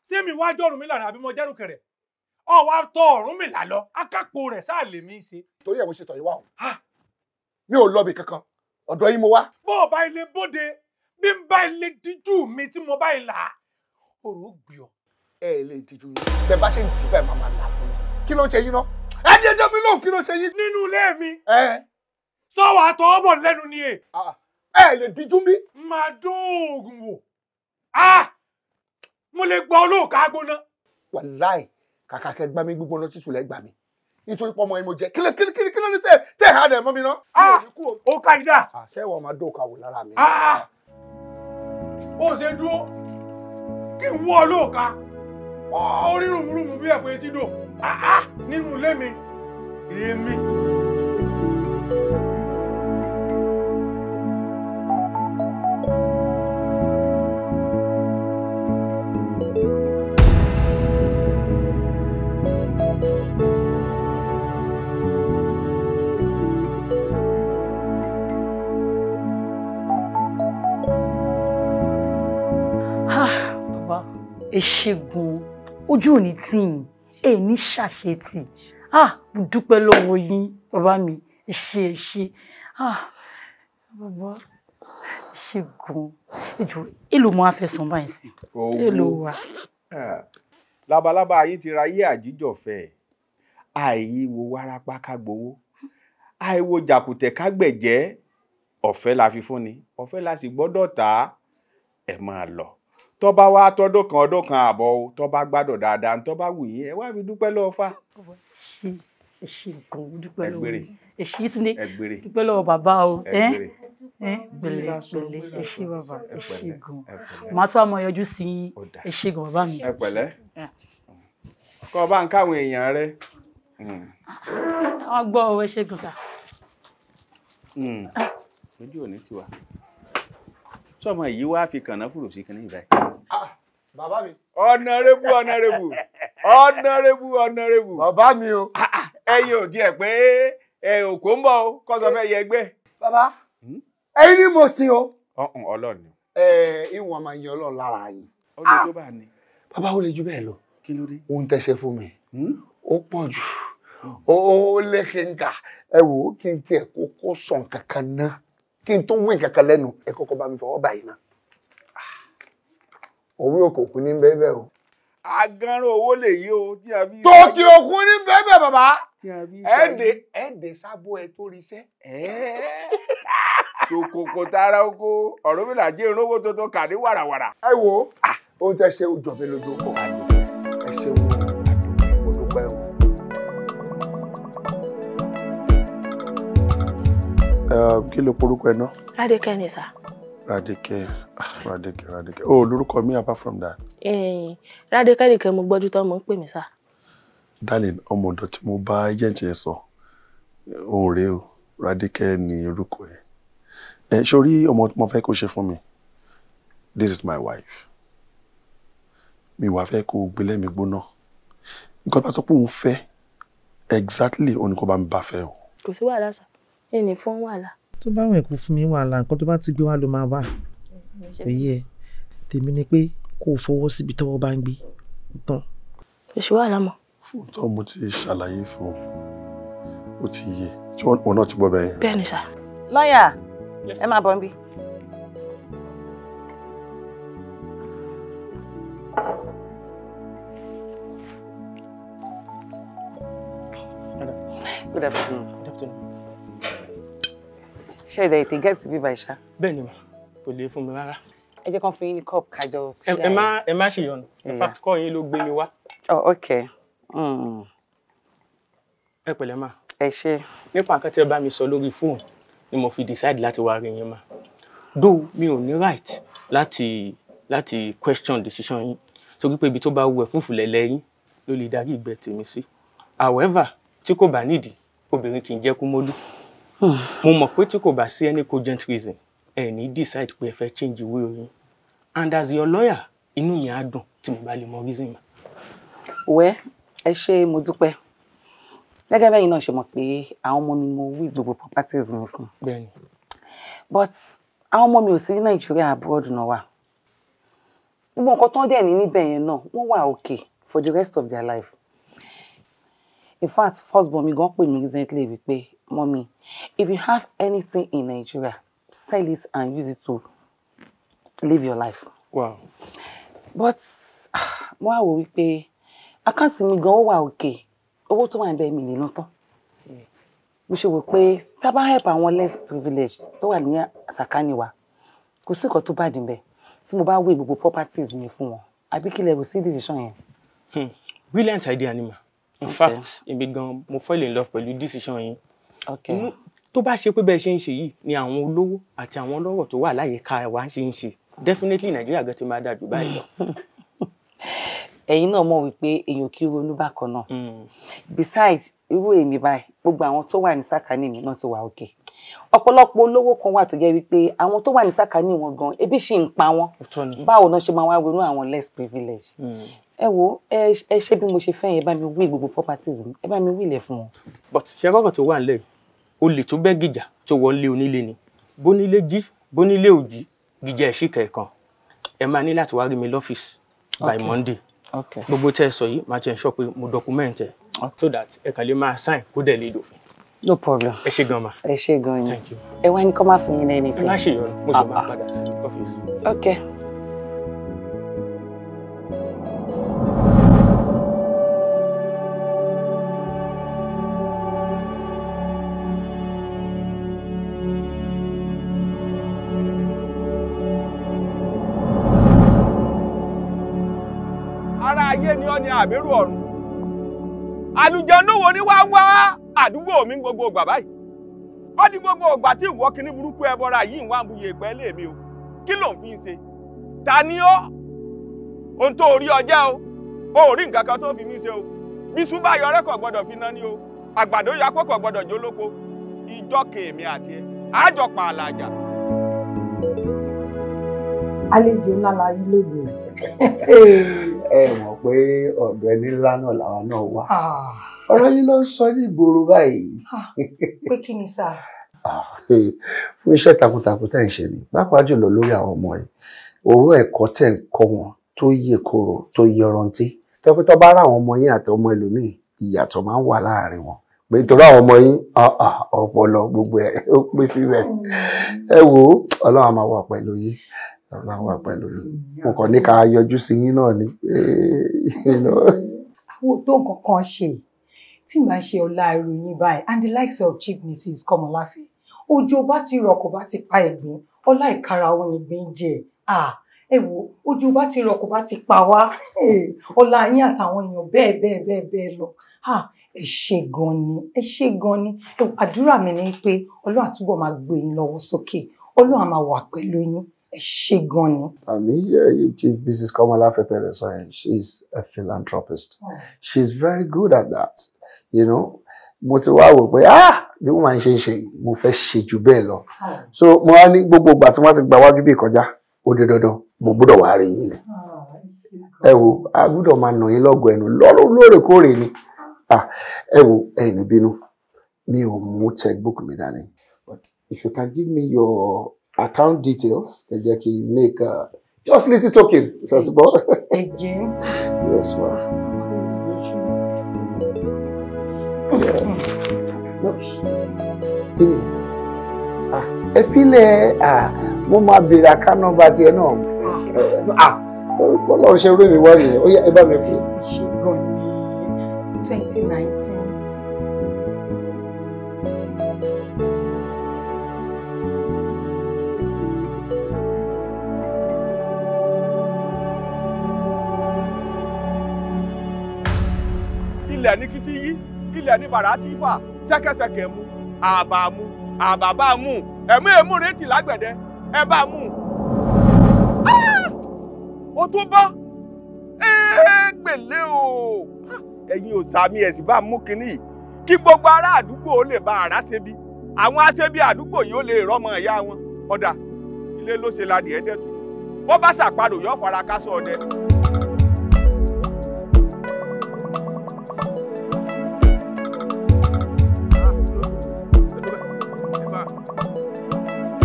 ṣé mi wá jọ Ọ̀rúnmìlà ni àbí mo jẹ́rù kẹ̀rẹ̀ ọ wá tọ Ọ̀rúnmìlà lọ akápò rẹ̀ sáà lè mí ṣe. torí ẹ̀ mo ṣe tọ̀ yín wá o ah!
mi ò lọ bì kankan ọ̀dọ̀ yín mo wá. bó o bá ilé bóde bí n bá ilé díjú mi tí mo bá ilà òrò gbì ọ. ẹ ẹ lè díjú yín bẹ́ẹ̀ bá ṣe ń tì bẹ́ẹ̀ máa máa là fún mi kí ló ń ṣe yín náà ẹ jẹ jẹ mi lóhùn kí ló ń ṣe yín. nínú ilé mi sọwọ àtọ ọbọ lẹ́nu ni e. ẹ lè díjú mi. máa dóògùn
wò ah! mo lè gba olóòkà gbóná. wàláì kàkà kẹ gbá mi gbígbóná títù lẹ gbà mí nítorí pọ́mọ ẹni mo jẹ kílẹ̀ kílẹ̀ kílẹ̀ kílẹ̀ tẹ̀ tẹ̀ ha dẹ̀ mọ́ mi ná. Ah! ó ká ìdá. àṣẹ ah, ìwà máa dóòkà wò lára mi. Ah,
ó ṣe dúró kí n wọ́ lóòka ó rí rùmùrùmù bí ẹ̀fọ́ etí dò nínú ilé mi èmi.
ṣẹ́gun ojú òní tì yín ẹ ní ṣàṣetì ah mo dúpẹ́ lọ́wọ́ yín bàbá mi ẹ ṣé ẹ ṣé ah bàbá ṣẹ́gun ìjọ èlò mo á fẹ́ san báyìí sí èlò wa.
Ah, labalábá ayé ti ra
ayé àjíjọ̀fẹ́ àìyíwo wárápá ká gbowó àìwo jàkùtẹ̀ ká gbẹ̀jẹ́ ọ̀fẹ́ la fi fún ni ọ̀fẹ́ la sì gbọ́dọ̀ tà á ẹ̀ máa lọ tó bá wá tọ́dún kan ọdún kan àbọ̀ o tó bá gbádùn dáadáa tó bá wù yín ẹ
wá fi dúpẹ́ lọ́wọ́ fà. èsì kan dúpẹ́ lọ́wọ́ èsì tí ní dúpẹ́ lọ́wọ́ bàbá o gbèlè gbèlè èsì bàbá èsì gan màá tún àmọ́ yọjú sí èsì gan bàbá mi.
ẹ pẹ̀lẹ́ kọ́ bá ń káwọn èèyàn rẹ. Hmm.
wọ́n gbọ́ owó ṣẹ́gun sá.
Hmm. ojú ò ní tiwa sọmọ yìí wá fi kànáfùrù sí kìnìún báyìí
bàbá mi.
ọ̀nàrẹ́bù ọ̀nàrẹ́bù ọ̀nàrẹ́bù ọ̀nàrẹ́bù. bàbá mi o. Ah, ah, ẹyin ò díẹ̀ pé òkò ń bọ̀ o kó sọ fẹ́ yẹ ẹgbẹ́. bàbá hmm? ẹyin ni mo sin o.
ọ̀hún ọlọ́ọ̀ni. ẹ ìwọ̀n máa yan ọlọ́ọ̀ lára yìí. ó lè tó bá a ní. bàbá ó lè ju bẹ́ẹ̀ lọ. kí ló dé. ó ń tẹsẹ̀ fún mi. Hmm? ó pọ̀ jù hmm. ó lé kí n ẹ wò ó kí n tiẹ̀ kókó sàn kankan ná kí n tó wé kankan lẹ́nu ẹ òwe òkòkun ní bẹ́ẹ̀ o. aganran owó lè yí o tí
a fi. tòkì òkun ní bẹ́ẹ̀ bàbá. tí a fi ṣe ẹ̀ẹ́dẹ̀ ẹ̀ẹ́dẹ̀ sábò ẹ̀ tó riṣẹ́.
sòkòkò tara oko ọ̀rọ̀ mi là jẹ́ ìrówó tuntun kà
ní wàràwàrà. ẹ wo ohun tẹ ṣe ojú ọbẹ lójú ọkọ ẹ ṣeun mo dúpẹ́
o. kí ló porúkọ ẹ náà.
adékẹ́ ni sà.
Radeke, Radeke, Radeke. Oh, lórúkọ mi apart from that.
Eh, Radeke nìkan mo gbọ́jú tán mo ń pè mí sá. Darling, ọmọ ọ̀dọ̀ tí mo bá agent yẹn sọ, òun rèé o, Radeke ni orúkọ ẹ̀. Ẹ sórí ọmọ tí mo fẹ́ kó ṣe fún mi, this is my wife. Mi wàá fẹ́ kó gbé lẹ́mi gbóná.
Nǹkan bá sọ pé òun fẹ́ exactly òun ni kò bá ń bá fẹ́ o.
Kò sí wàhálà sá, ẹnì fún wàhálà
tó bá wọn ẹ̀kú fún mi wàhálà nǹkan tó bá ti gbé wá ló máa wà òye ẹ tèmi ni pé kó o fọwọ́ síbi tọ́wọ́ bá ń gbé tán. kò sí wàhálà mọ́.
fóòtọ́ mo ti ṣàlàyé fún ọ o ti yé tí wọn náà ti gbọ́ bẹ́ẹ̀.
bẹ́ẹ̀ ni sà. lọ́ọ̀yà ẹ máa bọ̀ ń bí. Good afternoon
ṣe ìdẹ̀ ètè gẹ́ẹ̀tì bíbá ìṣá. bẹ́ẹ̀ ni mà kò lè fún mi rárá.
ẹ jẹ́ kán fún yín ní cup kájọ ẹ má ẹ má ṣe yọnu in fact kọ́ yín ló gbé mi wá. oh ok. Hmm. ẹ pẹ̀lẹ́ mà. ẹ ṣe. nípa nǹkan tí ẹ bá mi sọ lórí fóònù ni mo fi decide láti wá rí yín mà though mi ò ní right láti láti question decision yín torí pé ibi tó bá wù ẹ́ fúfú lẹ́lẹ́ yín ló lè darí ìgbẹ́ tèmi sí however tí kò bá nídìí obìnrin kì í jẹ́ kú mọ́lú mo mọ̀ pé tí kò bá sí any cogent reason ẹ ní decide pé ẹ fẹ́ change ìwé oyún and as your lawyer inú yẹn á dùn tí mo bá lè mọ reason mà. wẹ́ ẹ ṣe mo dúpẹ́ gẹ́gẹ́ bẹ́yìn náà ṣe mọ̀ pé àwọn ọmọ mi mo wí gbogbo properties mi fún. bẹ́ẹ̀ni. but àwọn ọmọ mi ò sí ní nàìjíríà abroad náà wà
gbogbo nǹkan tó ń dẹ̀ ní níbẹ̀ yẹn náà wọ́n wà okay for the rest of their life
in fact first born mi gan pè mí recently wípé Mommy, if you have anything in Nigeria, sell it and use it to live your life.
Wow. But mo á wò wípé àkáǹtì mi gan
ó wà òkè owó tó wà ń bẹ mi nínú tán. Mo ṣe wò pé tá a bá help àwọn less privileged tó wà ní àsàkánì wa kò sí nǹkan tó bá dìbẹ̀
tí mo bá wé gbogbo properties mi fún wọn àbí kí lè rò sí decision yẹn. Hmm. brilliant idea ni in okay. fact èmi gan mo fall in love pẹ̀lú decision yín tó bá ṣe pé bẹ́ẹ̀ ṣe ń ṣe yìí ni àwọn olówó àti àwọn ọlọ́rọ̀ tó wà láyìíká wa ṣe ń ṣe definitely nàìjíríà gan ti máa dájú báyìí lọ. ẹ̀yin náà mọ̀ wípé èèyàn kì í ronú bákan náà hmm. besides irú èmi báyìí gbogbo àwọn tó wà ní sàkání mi náà ti wà òkè ọ̀pọ̀lọpọ̀ olówó kan wà tó jẹ́ wípé àwọn tó wà ní sàkání wọn gan ebi ṣì ń pa wọn báwo
náà ṣe máa wá ronú àwọn less privilege hmm. ẹ wo ẹ ṣe bí mo ṣe fẹ́ yẹn ẹ bá mi wí gbogbo properties mi ẹ bá mi wí ilẹ̀ fún wọn.
but ṣe kọ́kọ́ tó wà nílẹ̀ yìí olè tó bẹ́ gìjà tó wọlé onílé ni bónílé jí bónílé ò jí gìjà ẹ̀ sì kẹ̀ẹ̀kan ẹ máa ní láti wá rí mi lọ́fíìsì
by monday gbogbo
tẹ́ ẹ sọ yìí máa ti ẹ̀ sọ pé mo document ẹ̀ so that ẹ kàn lè máa sign kó dẹ̀ lè dòfin.
no problem ẹ ṣe gan ma ẹ ṣe gan yín ẹ wá ní kọ́ máa fún yín lẹ́nu. ẹ má ṣèyọnu mo ṣe ah, máa
ah. padà sí ọ́fíìsì.
okay.
àbírú ọ̀run
àlùjànnú wo ni wá wá àdúgbò mi gbogbo ọgbà báyìí ó di gbogbo ọgbà tí ìwọ kíní burúkú yìí ń wá àbúyẹ ìpẹ́ léèmí o kí ló ń fi ṣe ta ni o rí nǹkan kan o bísú
ẹ mọ̀ pé ọ̀dọ̀ ẹni ńlá náà làwa náà wà ọ̀rọ̀ yìí ló ń sọ ní ìgboro báyìí. pé kí ni sáà. fún iṣẹ́ takuntakun tẹ̀ ń ṣe ni pàápàá jùlọ lórí àwọn ọmọ yìí òru ẹ̀kọ́ tẹ̀ ń kọ́ wọn tó yẹ kóró tó yẹ rántí tọ́pẹ́tọ́ bá ra àwọn ọmọ yín àti ọmọ
ẹlòmíì ìyàtọ̀ máa ń wà láàárín wọn pé torí àwọn ọmọ yín ọpọlọ gbogbo ẹ ó
pín síbẹ̀ hmm. ẹ wo
Ọlọ́run máa wà pẹ̀lú yín ọlọ́run wà pẹ̀lú
mi mo kàn ní ká yọjú sí yín náà ni.
àwọn tó kankan ṣe tí màá ṣe ọlá ìròyìn báyìí and the likes of chief mrs kọmọláfẹ ojú ọba ti rọ kò bá ti pa ẹ̀gbin ọlá ìkara òun ìgbín jẹ ẹ wo ojú ọba ti rọ kò bá ti pa wá ọlá yín àtàwọn èèyàn bẹ́ẹ̀ bẹ́ẹ̀ bẹ́ẹ̀ bẹ́ẹ̀ lọ ẹ ṣé gan ni ẹ ṣé gan ni àdúrà mi ni pé ọlọ́run àtúbọ̀ máa gbé yín lọ́wọ́ sókè ọlọ́run á máa wà pẹ̀lú yín ẹ ṣe gan ni. àmì
chief mrs kọ́mọlá fẹtẹlẹ sọ yẹn she is a philanthropist oh. she is very good at that you know mo ti wá wò pé ah bí wọn máa ń ṣe ń ṣe mo fẹ́ ṣe jù bẹ́ẹ̀ lọ oh. so mo wá ní gbogbo ìgbà tí wọn ti gba wájú bí ìkọjá ó di dandan mo gbọ́dọ̀ wá rí yín ni oh, ẹ wo a gbọ́dọ̀ máa nà yín lọgọ ẹnu lóòrèkóòrè ni ẹ wo ẹ̀yin bínú mi ò mú checkbook mi dání but if you can give me your account details make uh, just little token ṣàtúbọ̀. again. yes ma'am. ma. kí ni ah, ẹ ah. mo máa béèrè account number tiẹ̀ náà ah. ah ọ̀ṣẹ́ orí mi wá nìyẹn ó yẹ ẹ bá mi pè. ṣe
gan ni twenty nineteen.
ilẹ̀ ní kìtì yí ilẹ̀ ní bàrà tí fà ṣẹ́kẹ́ṣẹkẹ̀ mu àbà mu àbà bá mu ẹ̀mú èmú retí lágbẹ̀dẹ ẹ bá mu. o ah! tún bá gbèlè o ah, ẹ̀yin ò sàmì ẹ̀sìn bá mú kínní yìí kí gbogbo ará àdúgbò ó lè ba àrá ṣebi àwọn aṣebi àdúgbò yìí ó lè rọ́mọ ìyá wọn ọ̀dà ilé ló ṣe la dìẹ́dẹ́tù bọ́ bá
ṣàparò yóò fara ká sọ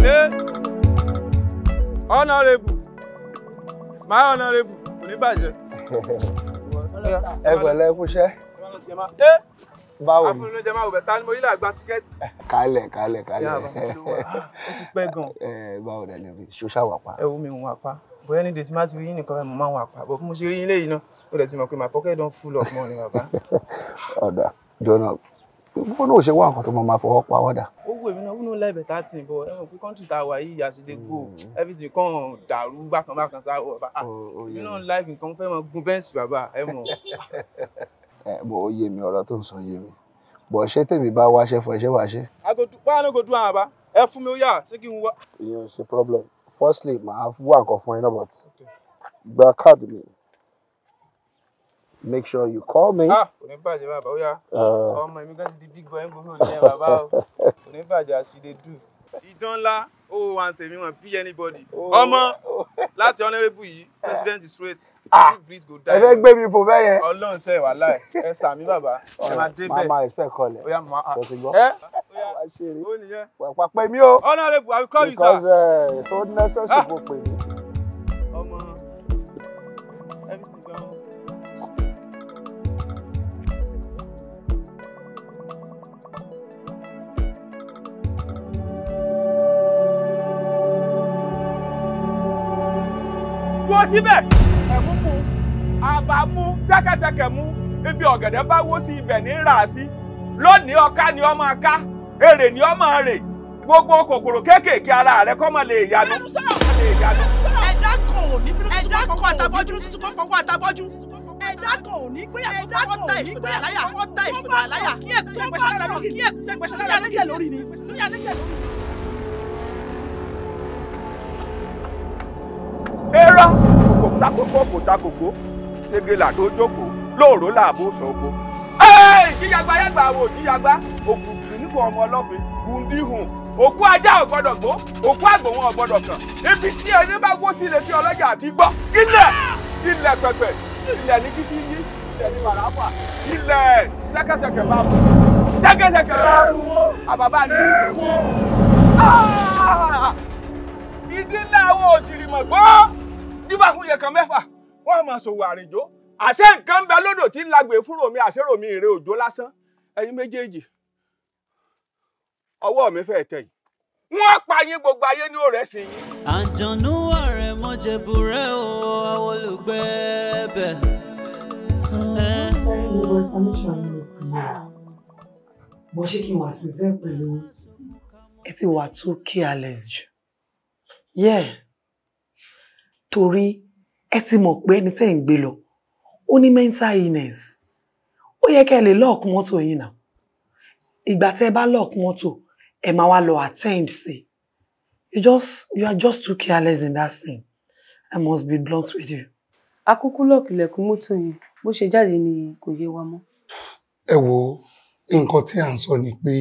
ṣe honorable my honorable kò ní bàjẹ́. ẹ pẹ̀lẹ́
fúnṣẹ́. báwo ni. àfúnilójẹ
máa wò bẹ̀ ta ni mo yí làgbà tíkẹ́ẹ̀tì.
kálẹ̀
kálẹ̀ kálẹ̀.
ó ti pẹ́ gan-an. báwo ni ẹni ṣo ṣàwà pa. ẹ wo mi ń wà pa bóyá ní dèjì máa ti rí yín nìkan mo máa ń wà pa bó mo ṣe rí yín léyìí náà ó lè ti mọ̀ pé my pocket don full up mọ́ ni bàbá.
ọ̀dà jọ́nà wọn náà ṣe wá nǹkan tó máa máa fọwọ́ pa wọ́dà.
owó èmi náà wúnú lẹ́bẹ̀ tá a ti bọ̀ ẹ mọ̀ pé kọ́ńtì tá a wà yìí àṣìlè gbò everything kan dàrú bákan bákan sáwọ́ bàbá oh, ah, ah. oh, oh, èmi náà láìpẹ́ nǹkan fẹ́ máa gun bẹ́ǹsì bàbá ẹ mọ̀. ẹ eh,
bọ ó yé mi ọ̀rọ̀ tó ń sọ yé mi bọ̀ ṣé tèmi bá wáṣẹ́ fún ẹṣẹ́ wáṣẹ́.
agodo wàá ní agodo àbá ẹ fún mi ó yà ṣé kí n wá.
ìyẹn ò ṣe problem firstly màá wá nǹkan fún ẹ náà but gba káàdì mi make sure you call me. ah òní
bàjẹ́ bàbá ó yá ah. ọmọ mi gan ti di big boy ń gbóhùn ní ẹ bàbá o òní bàjẹ́ as you dey do. ìdán ńlá ó wà tèmi wọn bí anybody oh. that's the honourable yìí president is straight big ah. breed go die. ẹ fẹ́ gbé mi fò bẹ́ẹ̀ yẹn. ọlọ́run sẹ́ wàhálà ẹ̀ ẹ sàmí bàbá ẹ máa dé bẹ́ẹ̀. màmá
expect call ẹ sọ̀tì gbọ́
wàá ṣe é wàá pàpẹ́ mi o.
honourable i will call you sir. because ó eh, necessary kó ah. pè mí.
dúró síbẹ̀ ẹ̀mú mu
àbá mú ṣẹ́kẹ́ṣẹkẹ̀ mú ibi ọ̀gẹ̀dẹ̀ bá wó sí ibẹ̀ ní rà sí lónìí ọká ni ọmọ aká èrè ni ọmọ rè gbogbo kòkòrò kéékèèké ara rẹ kọ́ mọ lè yanu. ẹ̀dá kan ò ní bínú tuntun kọ́ fọwọ́ àtàbọ́jú tuntun kọ́ fọwọ́ àtàbọ́jú ẹ̀dá kan ò ní gbéyà ẹ̀dá kan ò ní gbéyà láyà wọ́n ta ìsúná láyà kí èkó tẹgbẹ̀sán láyà lórí ni.
takoko kò takoko ṣégélà tó jókòó lóòró làbó sọ̀gbọ́.
ìjìyàgbá yàgbà wo ìjìyàgbá òkùnkùn nígbà ọmọ ọlọ́fin gùndíhùn òkú ajá ò gbọ́dọ̀ gbó òkú àgbò wọn ò gbọ́dọ̀ kàn ibi tí ẹni bá wó sí létí ọlọ́jà àti gbọ́ ilẹ̀ ilẹ̀ pẹ̀pẹ̀ ilẹ̀ ní kíkí yí ilẹ̀ ní màràfà ilẹ̀ ṣẹ́kẹ́ṣẹkẹ̀ bá mú ṣẹ́kẹ́ṣẹkẹ̀ bá mú àbàbà ní ah! ìdílé àwọn òsìrìmọ̀ gbọ́ díbàkún yẹ kan mẹ́fà wọ́n á máa ṣòwò àrìnjó àṣẹ nǹkan ń bẹ lódò tí ń lagbè fúnrò mi àṣẹrò mi ìrè òjò lásán ẹ̀yin méjèèjì ọwọ́ mi fẹ́ tẹ̀
yìí
wọ́n pa yín gbogbo ayé ní òrẹ́ sí yín.
àjọ̀nú ọ̀rẹ́ mọ̀jẹ̀bùrẹ́ o àwọn olùgbé bẹ̀.
mo ṣe kí n wà sí zẹ́ pẹ̀lú ẹ ti wà too careless jù. yeah torí ẹ ti mọ̀ pé ẹni tẹ́ ń gbé lọ ó ní mental illness ó yẹ kẹ́ ẹ lè lock mọ́tò yín náà ìgbà tẹ́ ẹ bá lock mọ́tò ẹ máa wá lọ attend sí you just you are just too careless in that thing I must
be blunt with you. akúkú lọ́ọ̀kì lẹ̀kún mọ́tò yẹn bó ṣe jáde ni kò yé wa mọ́.
ẹ wo nǹkan tí à ń sọ ni pé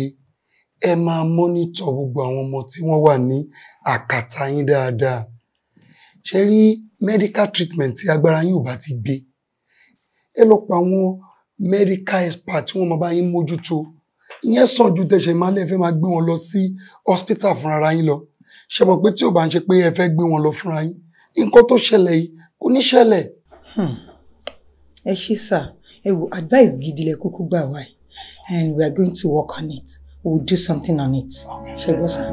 ẹ máa mọ́nítọ̀ gbogbo àwọn ọmọ tí wọ́n wà ní àkàtà yín dáadáa ṣe rí medical treatment tí agbára yín ò bá ti gbé ẹ lọ pa àwọn medical expert tí wọ́n máa bá yín mójútó ìyẹn sàn ju tẹsẹ máa lẹfẹ máa gbé wọn lọ sí hospital fúnra yín lọ ṣe mọ̀ pé tí ò bá ń ṣe pé ẹ fẹ́ gbé wọn lọ fúnra yín nǹkan tó ṣẹlẹ̀
yìí kò ní ṣẹlẹ̀. Hmm. ẹ ṣe sá ẹ wo advice gidi lẹ kúkú gbà wá and we are going to work on it we will do something on it ṣe gbọ́ sá.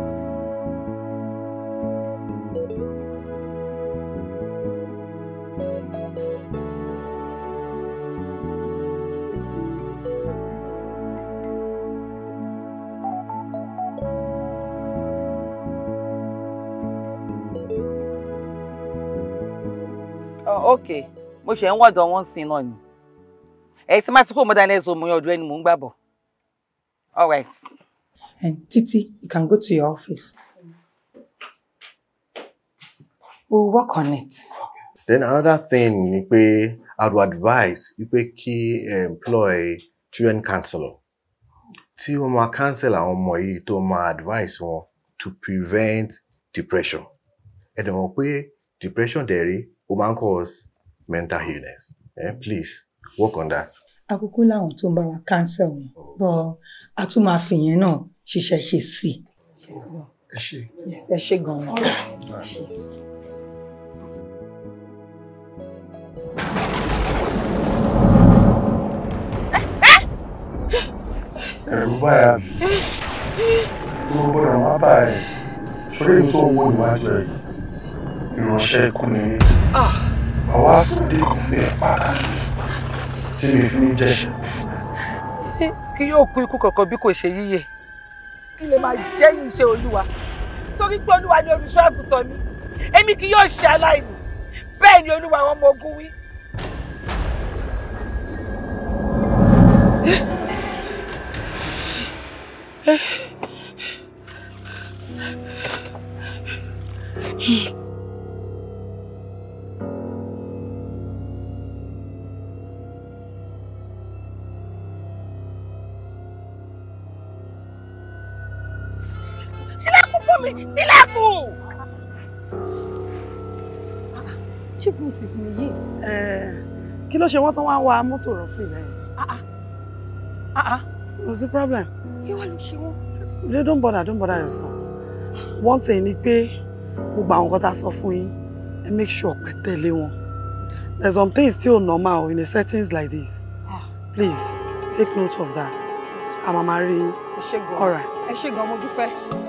mo ṣe ń wọ̀dọ̀ wọn sìn náà ni ẹ ti má ti kó modernize omi ọdún ẹni mò ń gbàbọ̀ all right.
And Titi, you can go to your office. We'll work on it.
Then another thing ni pé I would advise you pé kí eh, employ children counselor. Tí wọ́n máa counsel àwọn ọmọ yìí tó máa advise
wọn to prevent depression. Ẹ dẹ̀ mọ̀ pé depression dẹ̀ rí ó máa ń cause mental illness eh? please work on that.
àkókò làwọn tó ń bá wa cancel wọn oh. bọ a tún máa fi yẹn náà ṣiṣẹ́ ṣe sí i. ẹ ṣe ẹ ṣe gan-an.
I was kan fún ẹ pàtàkì tí mi fi ní jẹ́ṣẹ̀ fún
ẹ. kí yóò kú ikú kankan bí kò ṣe yíyẹ
kí lè máa jẹ́yìn iṣẹ́ olúwa torí pé olúwa ni olùṣọ́ àgùntàn mi èmi kì yóò ṣe aláìní bẹ́ẹ̀ ni olúwa àwọn ọmọ ogun
Hmm.
mi nílẹ̀kùn. chief mrs nìyí kí ló ṣe wọ́n tán wá wa mọ́tò rọ́fìn rẹ̀ What's ah, ah. ah, the problem. You want to ṣe me? don't bother don't bother yourself one thing you pay. gbogbo buy kan tá a and make sure pé tẹ̀lé wọn there's some things still normal in a settings like this please take note of that I'm rí yín.
ẹ ṣé gan-an ẹ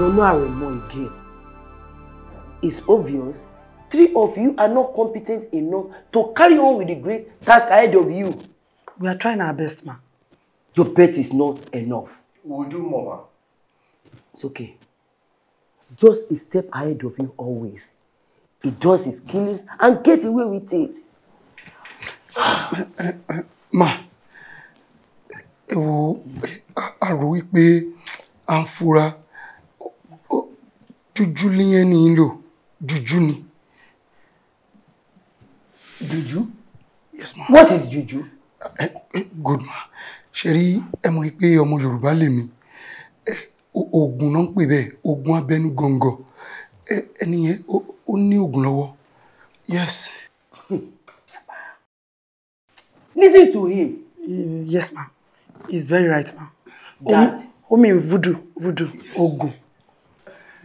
know Jonu Aremo again.
It's obvious three of you are not competent enough to carry on with the great
task ahead of you. We are trying our best, ma.
Your bet is not enough.
We'll do more, ma.
It's okay. Just a step ahead of
you always. He does his killings
and get away with it.
ma, ẹ wo, a rò wípé à ń fura jújú lẹ́yìn ní lò Juju? ni. jújú. yes ma. what is Juju? ẹ ẹ good ma ṣe rí ẹ mọ̀ pé ọmọ yorùbá lèmi eh, oògùn náà ń pè bẹ́ẹ̀ oògùn abẹ́nú gọ̀ǹgọ̀ eh, ẹni yẹn ó ní oògùn yes.
listen to him.
yes ma He's very right ma.
that
omi voodoo voodoo oògùn. Yes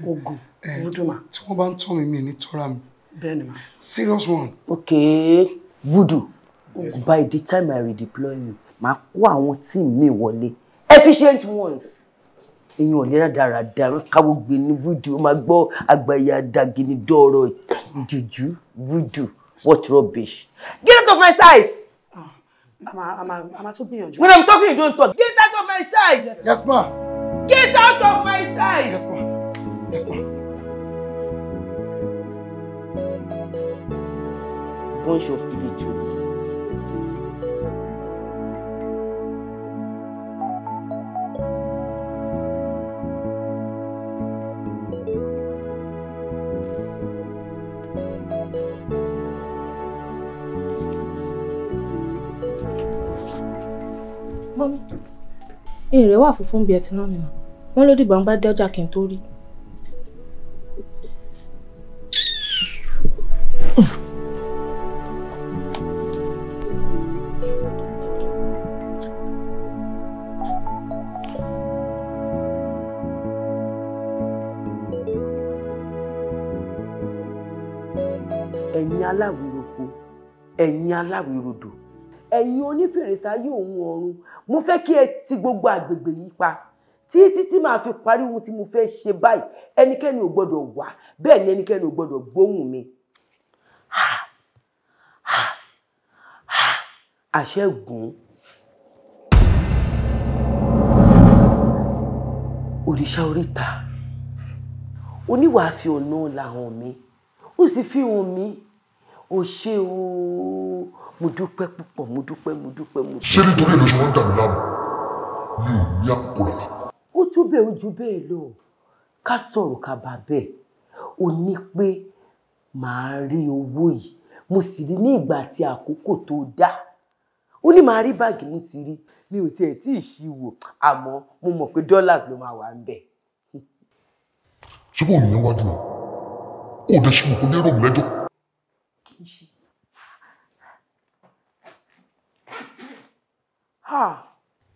oògùn eh, voodoo. tí wọ́n bá ń tọ́ mi mi ní tọ́ra mi. bẹ́ẹ̀ni ma. serious one. okay voodoo
yes, by the time i redeploy you màá kó àwọn tíì mi wọlé efficient ones èèyàn ò lera dáradára káwọ́ gbé ní voodoo ó máa gbọ́ àgbàyà dàgìní dọ́ọ̀rọ̀ jùjú voodoo what rubbish get out of my sight.
I'm ah, a, I'm a, I'm a too big. When I'm talking, you don't talk. Get out of my sight.
Yes, ma. Get out of my sight. Yes, ma. Yes, ma. Bunch of idiots. Mọ́mí, èrè wà fún fún
bí ẹ ti rán mi nà. Wọ́n ló dìgbà ń bá dé ọjà kí n tó rí.
ẹ̀yin aláwìroko ẹ̀yin aláwìrodò ẹ̀yin onífèrèsé ayé òun ọ̀run mo fẹ́ kí ẹ ti gbogbo àgbègbè yìí pa títí tí màá fi parí ohun tí mo fẹ́ ṣe báyìí ẹnikẹ́ni ò gbọ́dọ̀ wá bẹ́ẹ̀ ni ẹnikẹ́ni ò gbọ́dọ̀ gbóhùn mi. àṣẹ gùn òrìṣà oríta oníwàá fi ọ̀nà làwọn mi ó sì fi hàn mí ó ṣe o mo dúpẹ́
púpọ̀ mo dúpẹ́ mo dúpẹ́ mo dúpẹ́. ṣé nítorí èlò ṣe wọ́n ń dà mí láàmú mi ò ní àkókò rárá.
ó tún bẹ́ẹ̀ ojú bẹ́ẹ̀ lọ ká sọ̀rọ̀ ká bá bẹ́ẹ̀ ó ní pé màá rí owó yìí mo sì rí ní ìgbà àti àkókò tó dáa ó ní màá rí báàgì mo ti rí mi ò tiẹ̀ tí ì ṣíwò àmọ́ mo mọ̀ pé dọ́là ló máa wà ń bẹ̀.
ṣé kò ní yẹn wájú o ò dẹ̀ ṣe mọ̀ fún lérò lẹ́jọ́.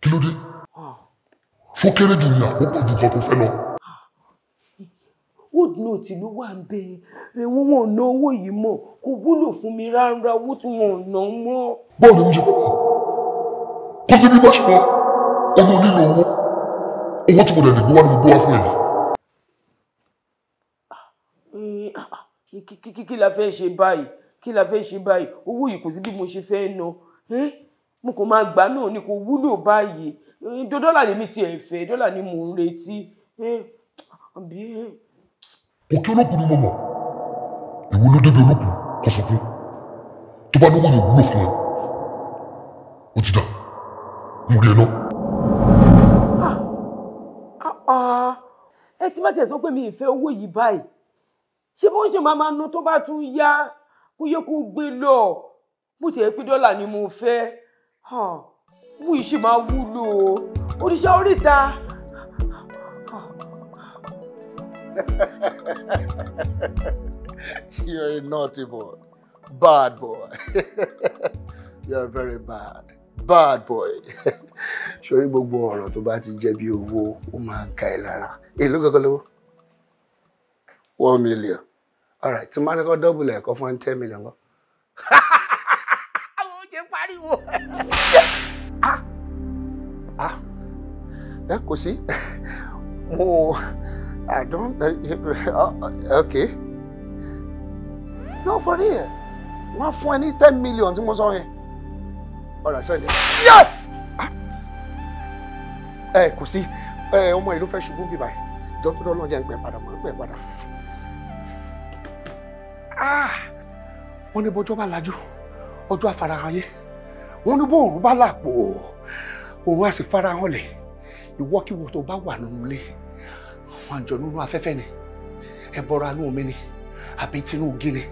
kí ló dé ṣó kéré jù ní o jù kan tó fẹ́ lọ.
wood note ló wà ń bẹ ẹ wọn ò ná owó yìí mọ́ kò wúlò fún mi rárá owó tí wọn ò ná mọ́.
bọ́ọ̀lù ń ṣe pọ̀ kó sí bí bá ṣe mọ́ ọmọ nílò owó owó tí mo dẹ̀ lè gbé wá ní gbogbo wá fún
kí la fẹ́ ṣe báyìí kí la fẹ́ ṣe báyìí owó yìí kò sí bí mo ṣe fẹ́ ná mo kàn máa gbà náà ni kò wúlò báyìí dọ́là lèmi tiẹ̀ fẹ́
dọ́là ni mò ń retí.
kò kí olókùn ni mo mọ̀ ìwọ ló débi olókùn kò sọkún tó bá lówó yóò wúlò fún ẹ o ti dà mo rí ẹ náà.
ẹ ti má tẹ̀sán pé mi ì fẹ́ owó yìí báyìí
ṣé bó ṣe máa máa nu tó bá tún yá kó yẹ kó gbé lọ mo tẹ̀ pé dọ́là ni mo fẹ́ mú ìṣe máa wúlò oníṣẹ́ oríta.
You're a naughty boy, bad boy. You're very bad, bad boy. Sori gbogbo ọ̀rọ̀ tó bá ti jẹ́ bí owó, ó máa ń ka ẹ̀ lára. Èló gọ́gọ́ One million all right tí mo bá ní kọ́ dọ́bùlù ẹ̀kọ́ fún ten million kọ́.
àwọn oúnjẹ pariwo. Ah,
ah, ẹ kò sí mo i don't uh, okay no for real wọ́n fún ẹ ní ten million tí mo sọ yẹn ọ̀rọ̀ sọ yẹn. ẹ kò sí eh, ọmọ ìlú fẹ́ ṣubú bíbá jọ́ tó dọ́ lọ́jà ń pẹ́ padà mọ́ ń pẹ́ padà.
Ah! wọ́n ní bọ́jọ́ bá lajú ọjọ́ àfarahàn yé
wọ́n ní bóòrùn bá làpò òun á sì farahàn lẹ̀ ìwọ́kíwọ́ tó bá wà nínú ilé wọn àjọ nínú afẹ́fẹ́ ni ẹ bọ́ra inú omi ni àbí tinú igi ni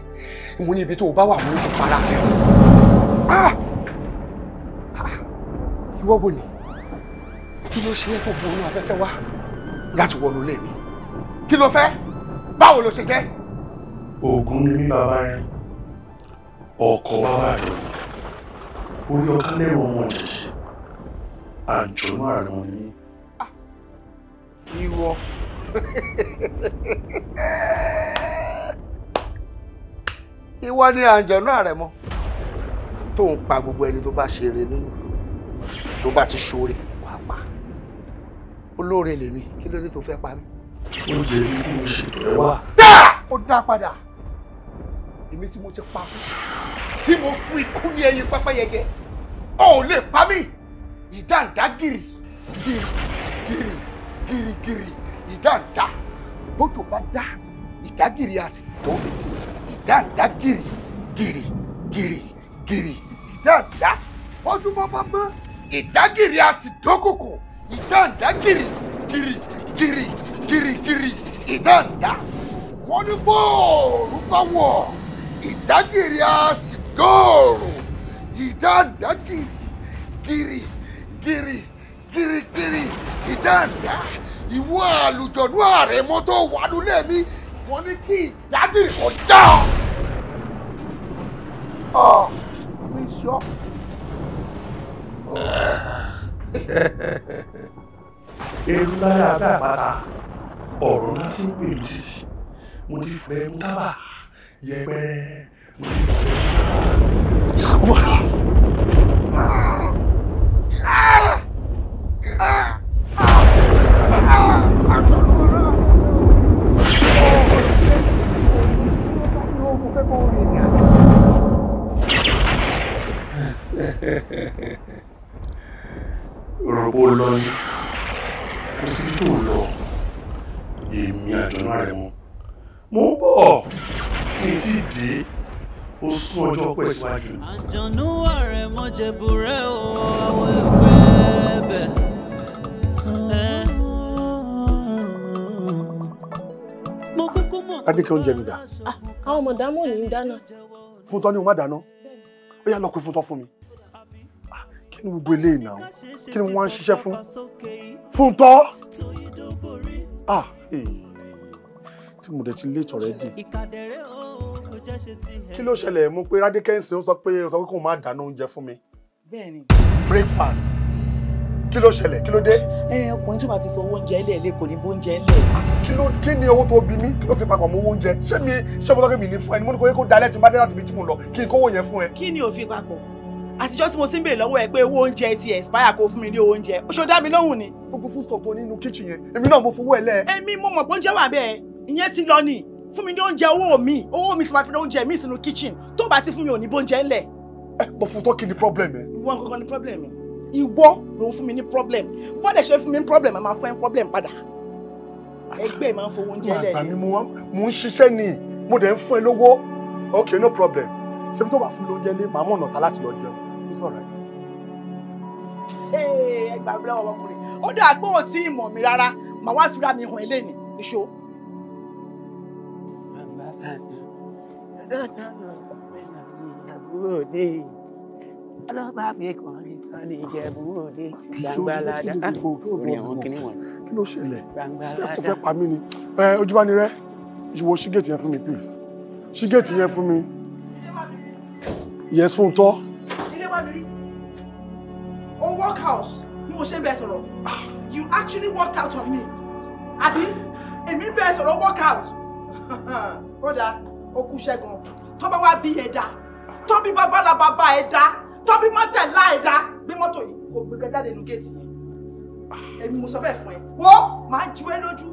mo ní ibi tó o bá wà mo ní kò fara rẹ o. Ah! Ah! ìwọ wo
kí ló ṣe é tó bu inú
afẹ́fẹ́ wá láti wọnú ilé mi kí ló fẹ́ báwo ló ṣe jẹ́.
Ògún ni mí bàbá rìn ọkọ̀ bàbá rẹ̀
orí ọkàn lẹ́rù ọmọ jẹ̀jẹ̀ àjọ̀nú àrùn wọn ni.
Ìwọ.
Ìwọ ni àjọ̀nú àrẹ̀mọ tó ń pa gbogbo ẹni tó bá ṣe eré nínú tó bá ti ṣoore wàá
olóore lèmi kí ló dé tó fẹ́ pa mí. Oúnjẹ mi kò ṣètò ẹ wá. Ó dá
padà èmi tí mo ti pa kú tí mo fún ikú ní ẹyin pápáyẹyẹ
ọ ò lè pa mí ìdáǹdá gírì gírì gírì gírì gírì ìdáǹdá bójú bá dá ìdágìrì àsìkò ìdáǹdá gírì gírì gírì gírì ìdáǹdá bójú bá bá mọ́ ìdágìrì àsìdókòkò ìdáǹdá gírì gírì gírì gírì gírì ìdáǹdá wọ́n ní bóòrù bá wọ̀ àdágìrì a sì dóòrò ìdá àdágìrì gìrì gìrì gìrì gìrì ìdá àdá ìwọ àlùjọ̀dún ààrẹ mọ́tò wàlúlẹ̀ mi wọ́n ní kí ìdágìrì kò dá ọ. ọ mi sọ. èrú láyà abẹ́ àpáta ọ̀rọ̀ láti ń pè lù títì mo ti fẹ́ mú tábà yẹpẹrẹ. Robolon kusitulo imyajolare mo mo bọ̀ ní ti di. ó sún ọjọ́ pẹ́ síwájú. àjọ̀nú ààrẹ mọ̀jẹ̀bùrẹ́ o àwọn ẹgbẹ́ bẹ̀. adékè oúnjẹ mi dà. Ah,
àwọn ọmọ dámọ̀ ní í dáná.
fún tọ́ ni o má dáná ó yá lọ pé fún tọ́ fún mi ah, kí ni gbogbo eléyìí náà kí ni wọ́n á ń ṣiṣẹ́ fún fún tọ́ ah, tí mo dẹ̀ ti late already kí ló ṣẹlẹ̀ mo pé rádíkẹ́ǹsì ó sọ pé ó sọ pé kóun má dáná oúnjẹ fún
mi. breakfast kí ló ṣẹlẹ̀ kí ló dé. ọkùnrin tó bá ti fọwọ́ oúnjẹ ilé ilé kò ní bó oúnjẹ ilé. Ah, kí ló kí ni owó tó bí mi kí ló fi papọ̀ mọ́ oúnjẹ ṣé mi ṣé mo lọ́kẹ́ mi ní fún ẹ ni mo ní kò yẹ kó dalẹ̀ tí n bá dé láti ibi tí mo lọ kí n kówó yẹn fún ẹ. kí ni ò papọ̀ àtijọ́ tí mo ti ń béèrè lọ́wọ́ ẹ pé owó oúnjẹ ti expire kó fún mi ní oúnjẹ ó dá mi lóhùn ni. gbogbo fún sọ̀tọ̀ nínú kíchìn yẹn èmi náà mo fowó ẹ lẹ́. èmi mo mọ̀ pé oúnjẹ wà bẹ́ẹ̀ ìyẹn ti lọ nì fún mi ní oúnjẹ owó mi owó mi ti máa fi ní oúnjẹ mi sínú kitchen tó bá ti fún mi ò ní bóúnjẹ ńlẹ̀. ẹ eh, bọ fún tọ́kì ni problem ẹ. Eh? ìwọ nǹkan ni problem mi ìwọ ló ń fún mi ní problem bọ́dẹ̀ ṣe fún mi ní problem ẹ máa fún ẹ problem padà ẹgbẹ́ ẹ máa ń fowó oúnjẹ lẹ̀ ni. mo ń ṣiṣẹ́ ni
mo dẹ̀ ń fún ẹ lówó ok no problem ṣe fi tó bá fún mi lóúnjẹ lé màá mọ̀ ọ̀nà ta láti lọ jẹun it's alright.
ẹ gbàgbé ọmọkùnrin ó dà gbóhùn tí ì mọ̀ mi rárá màá wá fira mi hàn eléyìí níṣó. ìjẹ̀bú
Kí ló ṣẹlẹ̀? Gbangbalada. Fẹ́ pa mí ni. Ojúbánirẹ́, ìwọ ṣígẹ̀tì yẹn fún mi please. Ṣígẹ̀tì yẹn fún mi. Ìyẹn sún tọ́.
O work house bí mo ṣe bẹ sọ̀rọ̀. You actually worked out on me. Àbí èmi bẹ sọ̀rọ̀ work out. Ó dáa ó kú ṣẹ́gun tó bá wá bí ẹ̀dá tó bí babalababa ẹ̀dá tó bí mọ́tẹ̀lá ẹ̀dá gbé mọ́tò yìí kò gbé jáde nu géètì yẹn èmi mo sọ bẹ́ẹ̀ fún ẹ wo màá ju ẹ lójú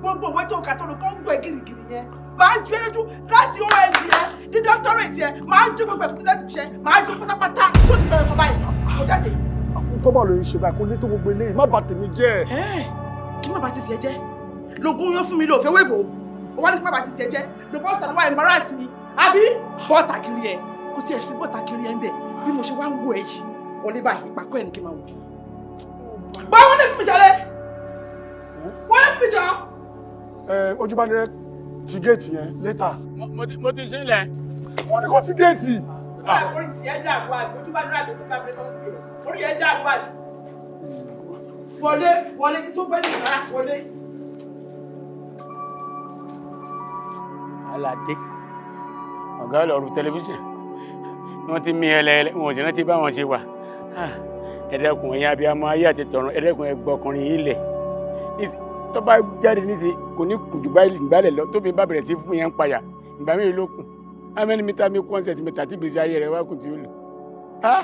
gbogbo òwe tó kà tó lò tó ń gbọ́ ẹ gírígírí yẹn màá ju ẹ lójú láti owó ẹ tiẹ di dọ́kítọ́rẹ̀tì ẹ màá ju gbogbo ẹ̀kú láti fi ṣe màá ju pátápátá tó ti bẹ̀rẹ̀ kan báyìí mo jáde. tó bá lóye ṣe báyìí kó lé tó gbogbo eléyìí má bà tèmi jẹ́. kí má bà ti tiẹ̀ jẹ́ lógún yóò fún mi lóòfẹ́ wéèbò o wá ní kí bàbá ti tiẹ̀ jẹ́ the boss and wife embarrass me àbí bọ́ọ̀tà kiri ẹ̀ kò tiẹ̀ sí bọ́ọ̀tà kiri ẹ̀ ń bẹ̀ bí mo ṣe wá ń wo ẹ̀ yìí wọlé báyìí ìpàkọ́ ẹ̀ ní kí n máa wò. bá wọn lè fún mi jalè wọn lè fún mi jọ. ẹ ojúbánirẹ ti géètì yẹn létà. mo ti ṣe ilẹ̀. wọ́n ní kò ti géètì. orí ti ẹ̀ dàrú àbí ojúbánirẹ àbí ti bá mi tọ́ orí ẹ̀ dàrú àbí. wọlé wọlé tó gbẹ́lẹ̀ rárá wọlé. aládé ọ̀gá ọlọ́run tẹlifíṣàn wọ́n ti mí ẹlẹ́ẹ̀lẹ́ wọn ò sì rántí báwọn ṣe wà ẹ̀dẹ́kùn ẹ̀yìn abiyamọ ayé àti tọ̀run ẹ̀dẹ́kùn ẹgbọkùnrin ilẹ̀ tó bá jáde níṣe kò ní kùdù báyìí gbálẹ̀ lọ tóbi bá bẹ̀rẹ̀ sí fún yẹn ń payà ìgbà mi ló kù how many meter mi kún ọ̀sẹ̀ mẹ́ta tí gbèsè ayé rẹ̀ wá kù tí ó lò. Ha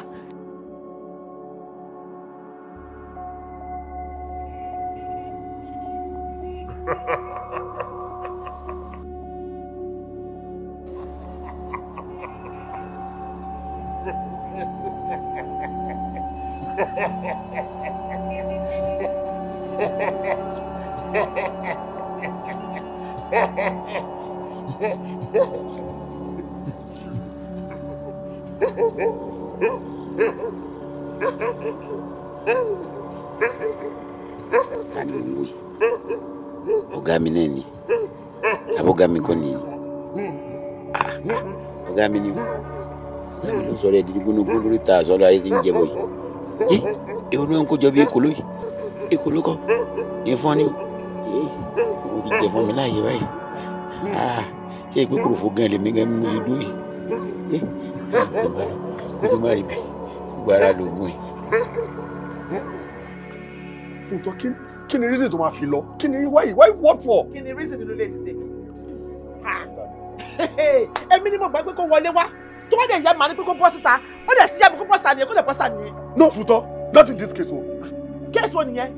ha ha ha ha!
ogami nini abogami ko nini ah, ah. ogami ló sọ̀rọ̀ ẹ̀dí gbónúgbó lórí ta àsọ̀rọ̀ ayé ti ń jẹbọ yìí yé èwo ni wọn kó jọ bí èkó lóyè èkó ló kọ ìfọn ni mo ti jẹ fún mi láàyè báyìí ṣé ìpín kòròfò gan lèmi gan mi ti dúró yìí yé kójú má rí bi gbára lóògùn yìí. fúntọ́ kí ni reason tó máa fi lọ kí ni why why what for. kí ni reason nínú ilé ìsìn tèmi èmi ni mo gbà pé kó wọlé wá tó bá dẹ̀ yẹ màá ní pé kó bọ́ síta ó dẹ̀ sí yẹ mi kó bọ́ síta nìyẹn kó dẹ̀ bọ́ síta nìyẹn. no Futọ not in this case o. case wo nìyẹn.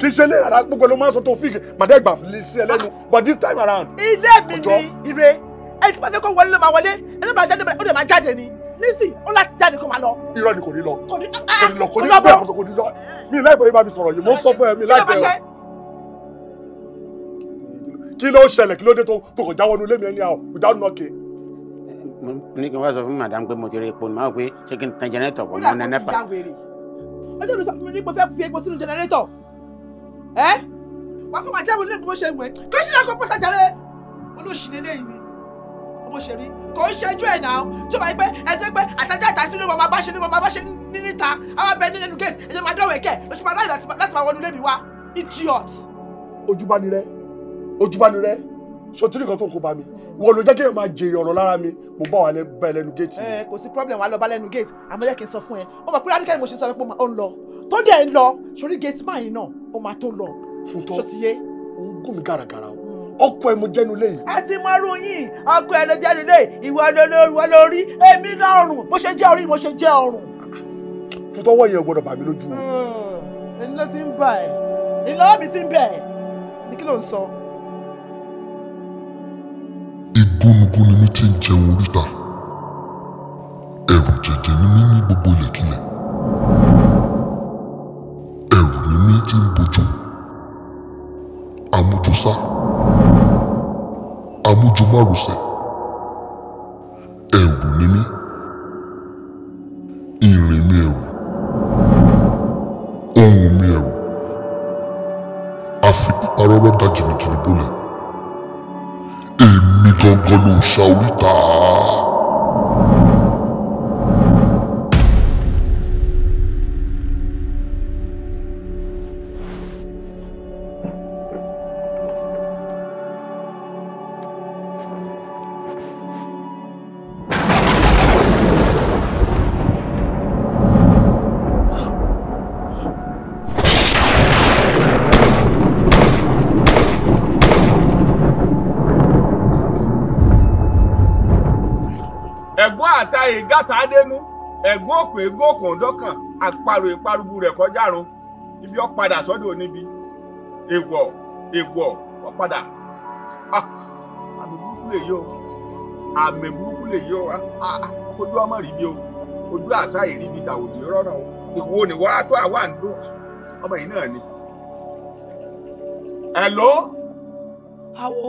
kì í ṣe ilé yàrá gbogbo ló máa ń sọ tó fíìgì màdé ìgbà fi ṣe ẹlẹ́nu but this time around. ilé mi ni ire ẹni tí bá fẹ́ kó wọlé ló máa wọlé ẹni tí bá jáde ó dẹ̀ máa jáde ni nísì ó láti jáde kó máa lọ. irọ́ ni kò ní lọ kò ní lọ kò ní lọ bẹ́ẹ̀ kò ní lọ mi ì láìpẹ́ bá mi sọ̀rọ̀ yìí mo ń sọ fún ẹ mi láìpẹ́ o kí ló ń ṣẹlẹ̀ kí ló dé tó kò jáwọ́ nulẹ̀ mi ẹni àwọn ìdáná náà kéé ní kí n wá sọ fún madam pé mo ti epo ni màá wò pé ṣé kí n tan jẹnẹrétọ̀ bọ̀ mọ́ nẹ́nẹ́pà. ọjọ́ mi sọ fún mi nípa fẹ́ fi epo sínú jẹnẹrétọ̀ ẹ́ wà á fún màá jáwé lẹ́nu bó ṣe wẹ̀ kí ó ṣe náà kó pọ́sà jáde olóṣìlẹ̀ ni bó ṣe rí kò ń ṣẹ́jú ẹ̀ náà tó bá yẹ pé ẹ jẹ́ pé àtàjà àtàsí ló máa bá ṣe ló máa bá ṣe níta àwọn abẹ nínú gate ẹ jẹ́ máa dọ̀wọ̀ ẹ̀kẹ́ lóṣù máa láì láti máa wọnú lẹ́mìí wá idiot. ojúbánirẹ ojúbánirẹ sotiri kan tó kó bá mi wọn ló jẹ́ kí èèyàn máa
jèrè ọ̀rọ̀ lára mi mo bá wà bá ẹ lẹ́nu géètì. ẹ eh,
kò sí problem wà á lọ bá lẹ́nu géètì àmọ́ jẹ́ kí n sọ fún ẹ ó mọ̀ pé rádíkẹ́lì mo ṣe sọ pé ó ń lọ tó dẹ̀ ń lọ sórí géètì máa yín náà ó máa tó lọ. Fúntọ́ ó ń gùn mí gàràgàrà o hmm. ọkọ ẹ mo jẹnu lẹ́yìn. a ti máa rún yín ọkọ ẹ ló jẹnu lẹ́yìn ìwà lórí wa lórí èmi náà ọrùn bó ṣe jẹ́ orí mo ṣe jẹ́ ọrùn.
Fúntọ́ wọ̀nyẹn ò gbọ́dọ̀ bà mí lójú
ẹni hmm. ló ti ń bà ẹ́ ìlọ́ọ̀bì ti ń bẹ̀ ẹ́ ní kí ló ń sọ.
gógó ni mí tí ń jẹun oríta ẹ̀rù jẹ̀jẹ̀ ni mí ní gbogbo ilẹ̀kílẹ̀ ẹ̀rù ni mí tí ń bojú amójúsá amójúmárùsẹ̀ ẹ̀rù ni mí ìrìn mi ẹ̀rù ohùn mi. Tongo Luz ahorita.
ọkàn
ọ̀dọ́kàn àparò ìparugbu rẹ̀ kọjá run ibi ó padà sọ́dọ̀ oníbi èèwọ̀ èèwọ̀ ó padà ah, àmì burúkú lèyí o àmì burúkú lèyí o ah, ah, ojú ọmọ rí bí o ojú àṣà ìríbi tàwòdì rọrùn o ìwo ni wàá tó àwa ń dún ọmọ yìí náà ni. Hello. awo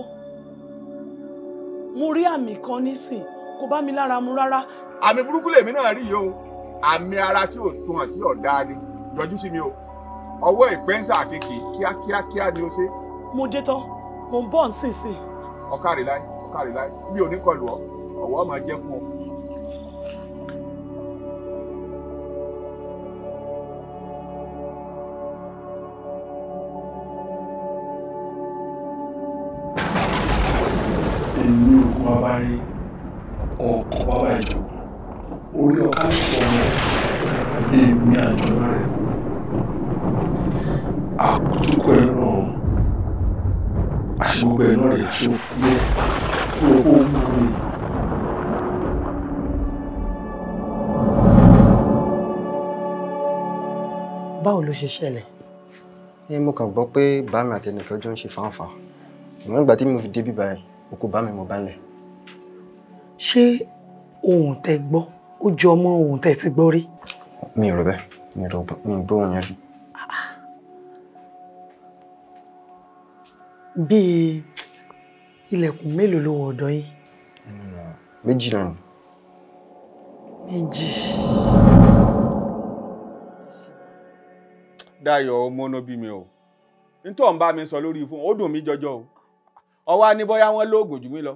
mo rí àmì kan nísìn kò bá mi lára mu rárá. àmì burúkú lèmi náà rí yìí o àmì ara tí ò sun àti ọ̀dá ni yọjú sí mi o ọwọ́ ìpẹ́ńsà àkekèé kíákíákíá ni ó ṣe. mo dé tán mo ń bọ̀ nísinsìnyí. ọ̀kàrí láì ọ̀kàrí láì bí oníkọlù ọ ọ̀wọ́ máa jẹ́ fún
ọ. èmi ò kọ́ abárí
ṣòfò ẹ lọ kó mú mi.
báwo ló ṣe ṣẹlẹ̀.
ẹ mo kàn gbọ́ pé bàmí àti ẹnìkan jọ ń ṣe fáńfà ìmọ̀ nígbà tí mo fi débi báyìí òkú bàmí mo bá ń lẹ̀. ṣé ohun tẹ gbọ́ ó jọ mọ́ ohun tẹ ti gbọ́ rí. mi ò rò bẹ́ẹ̀ mi ò gbọ́ ohun yẹn rí.
bíi ilẹ̀kùn mélòó ló wọ ọ̀dọ̀ yìí. méjì náà ni. méjì.
Dayọ̀ ọmọ náà bí mi o nítorí ọ̀n bá mi sọ lórí fún ó dùn mí jọjọ o ọwọ́ á ní bóyá wọ́n lóògùn jù mí lọ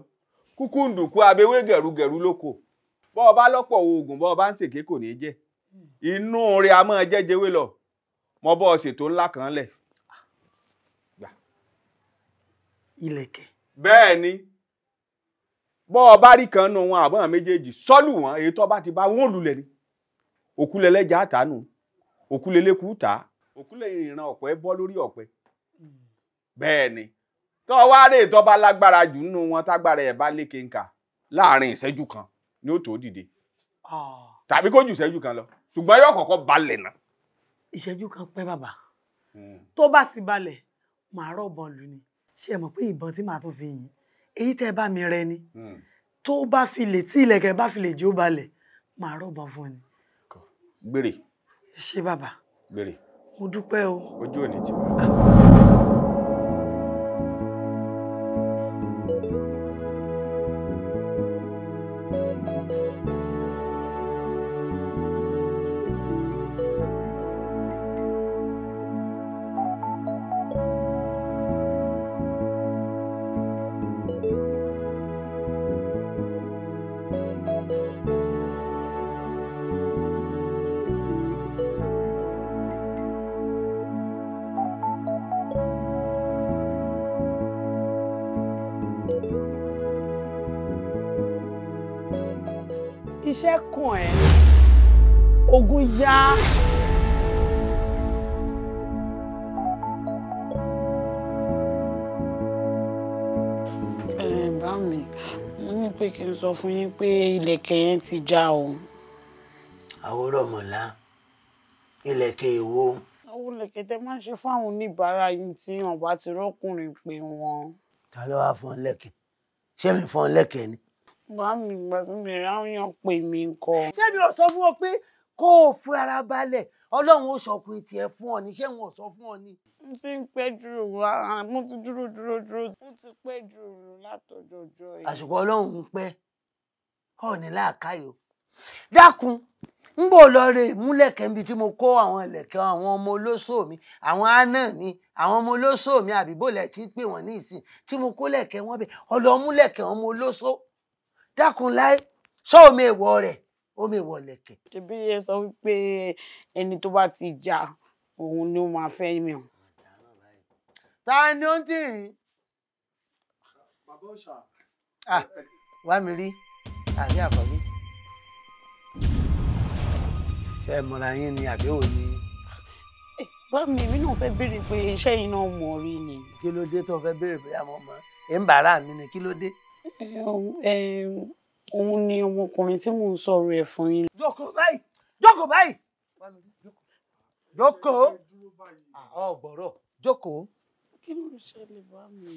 kúkú ń dùnkú abewé gẹ̀rúgẹ̀rú lóko bọ́ ọ bá lọ́pọ̀ oògùn bọ́ ọ bá ń ṣèké kò ní í jẹ́ inú rẹ̀ a máa jẹ́jẹ́wé lọ mo bọ́ ọ ṣètò ńlá kan lẹ̀. ilẹ̀kẹ̀ bẹ́ẹ̀ ni bọ́ ọ bá rí kan nu wọn àbọ̀n méjèèjì sọ́lù wọn èyí tó bá ti bá wọn lulẹ̀ ni òkúlẹ̀ lẹ́jà àtànù òkúlẹ̀ lẹ́kù tà òkúlẹ̀ ìrìnà ọ̀pẹ bọ́ lórí ọ̀pẹ bẹ́ẹ̀ ni tó wá rè tó bá lágbára jù nínú wọn tágbára ẹ̀ bá léke nkà láàrin ìṣẹ́jú kan ni ó tó dìde ah. tàbí kó jù ìṣẹ́jú kan lọ ṣùgbọ́n yóò kọ́kọ́ balẹ̀ náà.
ìṣẹ́jú kan pẹ́ bàbá hmm. tó bá ti balẹ̀ màá rọ̀ bọ́ọ̀lù ni ṣe mọ̀ pé ìbọn tí màá tún fi yìn èyí tẹ́ bá mi rẹ ni hmm. tó bá fi lè tí ilẹ̀kẹ̀ bá fi lè jó balẹ̀ màá rọ̀bọ̀n fún ni. gbèrè. ṣé bàbá. gbèrè. mo dúpẹ́ o. ojú ò ní tiwa. iṣẹ́ kàn ẹ́ ogun yá. bá mi mo ní pé kí n sọ fún yín pé ilẹ̀kẹ̀ yẹn ti já o.
àwòrán mọ̀lá ilẹ̀kẹ̀ èwo.
owó ilẹ̀kẹ̀ tẹ máa ń ṣe fáwọn oníbàárà yín tí wọn bá ti rọ́kùnrin pé wọn.
ta ló wá fọ́n lẹ́kẹ̀ ṣé mi fọ́n lẹ́kẹ̀ ni
Bámi gbàgbé ráyàn pè mí kọ. Ṣé mi ò sọ fún ọ pé kó o fi ara
balẹ̀ ọlọ́run ó ṣọkùnrin tiẹ̀ fún ọ ní ṣé wọn ò sọ fún ọ ni. mo ti ń pẹ́ dúró
mo ti dúró dúró dúró mo ti pẹ́ dúró látọjọjọ yìí. àsìkò ọlọ́run
ń pẹ́ ọ̀ọ́nì láàkáyò dákun ń bò lọ rè múlẹ̀kẹ́ níbi tí mo kó àwọn ẹlẹ́kẹ́ àwọn ọmọ olóṣò mi àwọn àna mi àwọn ọmọ olóṣò mi àbíbò lẹ̀ tí ń pè wọ́n ní ìsìn tí mo kó lẹ̀kẹ́ wọn bẹ̀ ọlọ́múlẹ̀kẹ́ ọmọ olóṣò
dákun láì sọ omi èèwọ̀ rẹ̀ omi èèwọ̀ lẹ̀kẹ̀. ṣebí ẹ sọ wípé ẹni tó bá ti jà òun ni ó máa fẹ́ mi o. ta ni ó ń tì í. bàbá òòṣà. wá mi rí àrí àkọ́bí. ṣé ẹ mọ̀ra yín ni àbẹ́wò ni. bá eh, mi èmi náà fẹ́ béèrè pé iṣẹ́ yìí náà mọ̀ rí ni.
kí ló dé tó fẹ́ béèrè bóyá mo mọ̀ ẹ̀ mi ni kí ló dé
òun ni ọmọkùnrin tí mò ń sọ̀rọ̀ ẹ̀ fún yín.
jókòó báyìí jókòó báyìí jókòó ọ̀gbọ̀rọ̀ jókòó.
kí ló ń ṣẹlẹ̀ bá mi.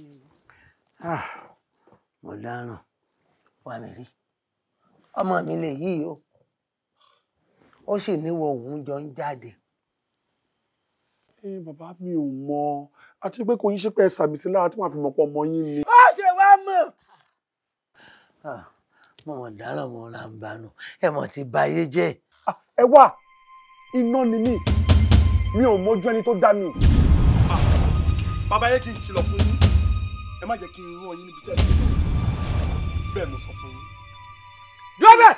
mo dáràn wà
mí rí ọmọ mi lè yí o ó sì níwọ òun jọ ń jáde. bàbá mi ò mọ àti pé kò yín ṣe pé ẹ sàmì sí lára tí wọn fi mọ̀ pọ̀ ọmọ yín ni. Ah,
mọ̀mọ́ dáràn mọ́ ra ń banú ẹ mọ̀ ti báyé jẹ́. Ah, ẹ wá
iná ni mí mi ò mọjú ẹni tó dá mi. Ah,
bàbá yẹ
kí n kìlọ̀ fún yín ẹ má jẹ́ kí n rán yín níbi tẹ́lẹ̀ bẹ́ẹ̀ mo sọ fún yín. lọ́bẹ̀.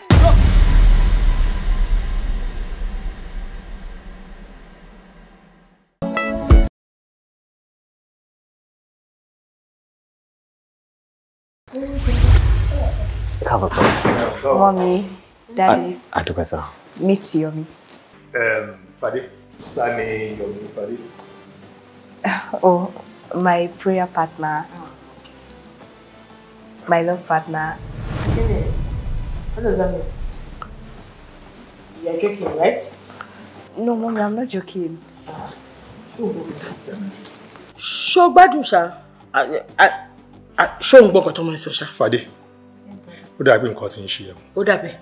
Thank you káàbọ̀ sọ. ọmọ mi dáadé. àdúgbò sọ. mi ti Yomi.
Fadé sá ni Yomi Fadi.
oh my prayer partner my love partner. What does that mean?
You're joking, right? No, mommy, I'm not joking. Ṣó gbádùn I
I I show nǹkan tó máa ń sọ ṣá? Fadé. ó dàbí nǹkan tí ń ṣe ẹ. ó dàbẹ̀.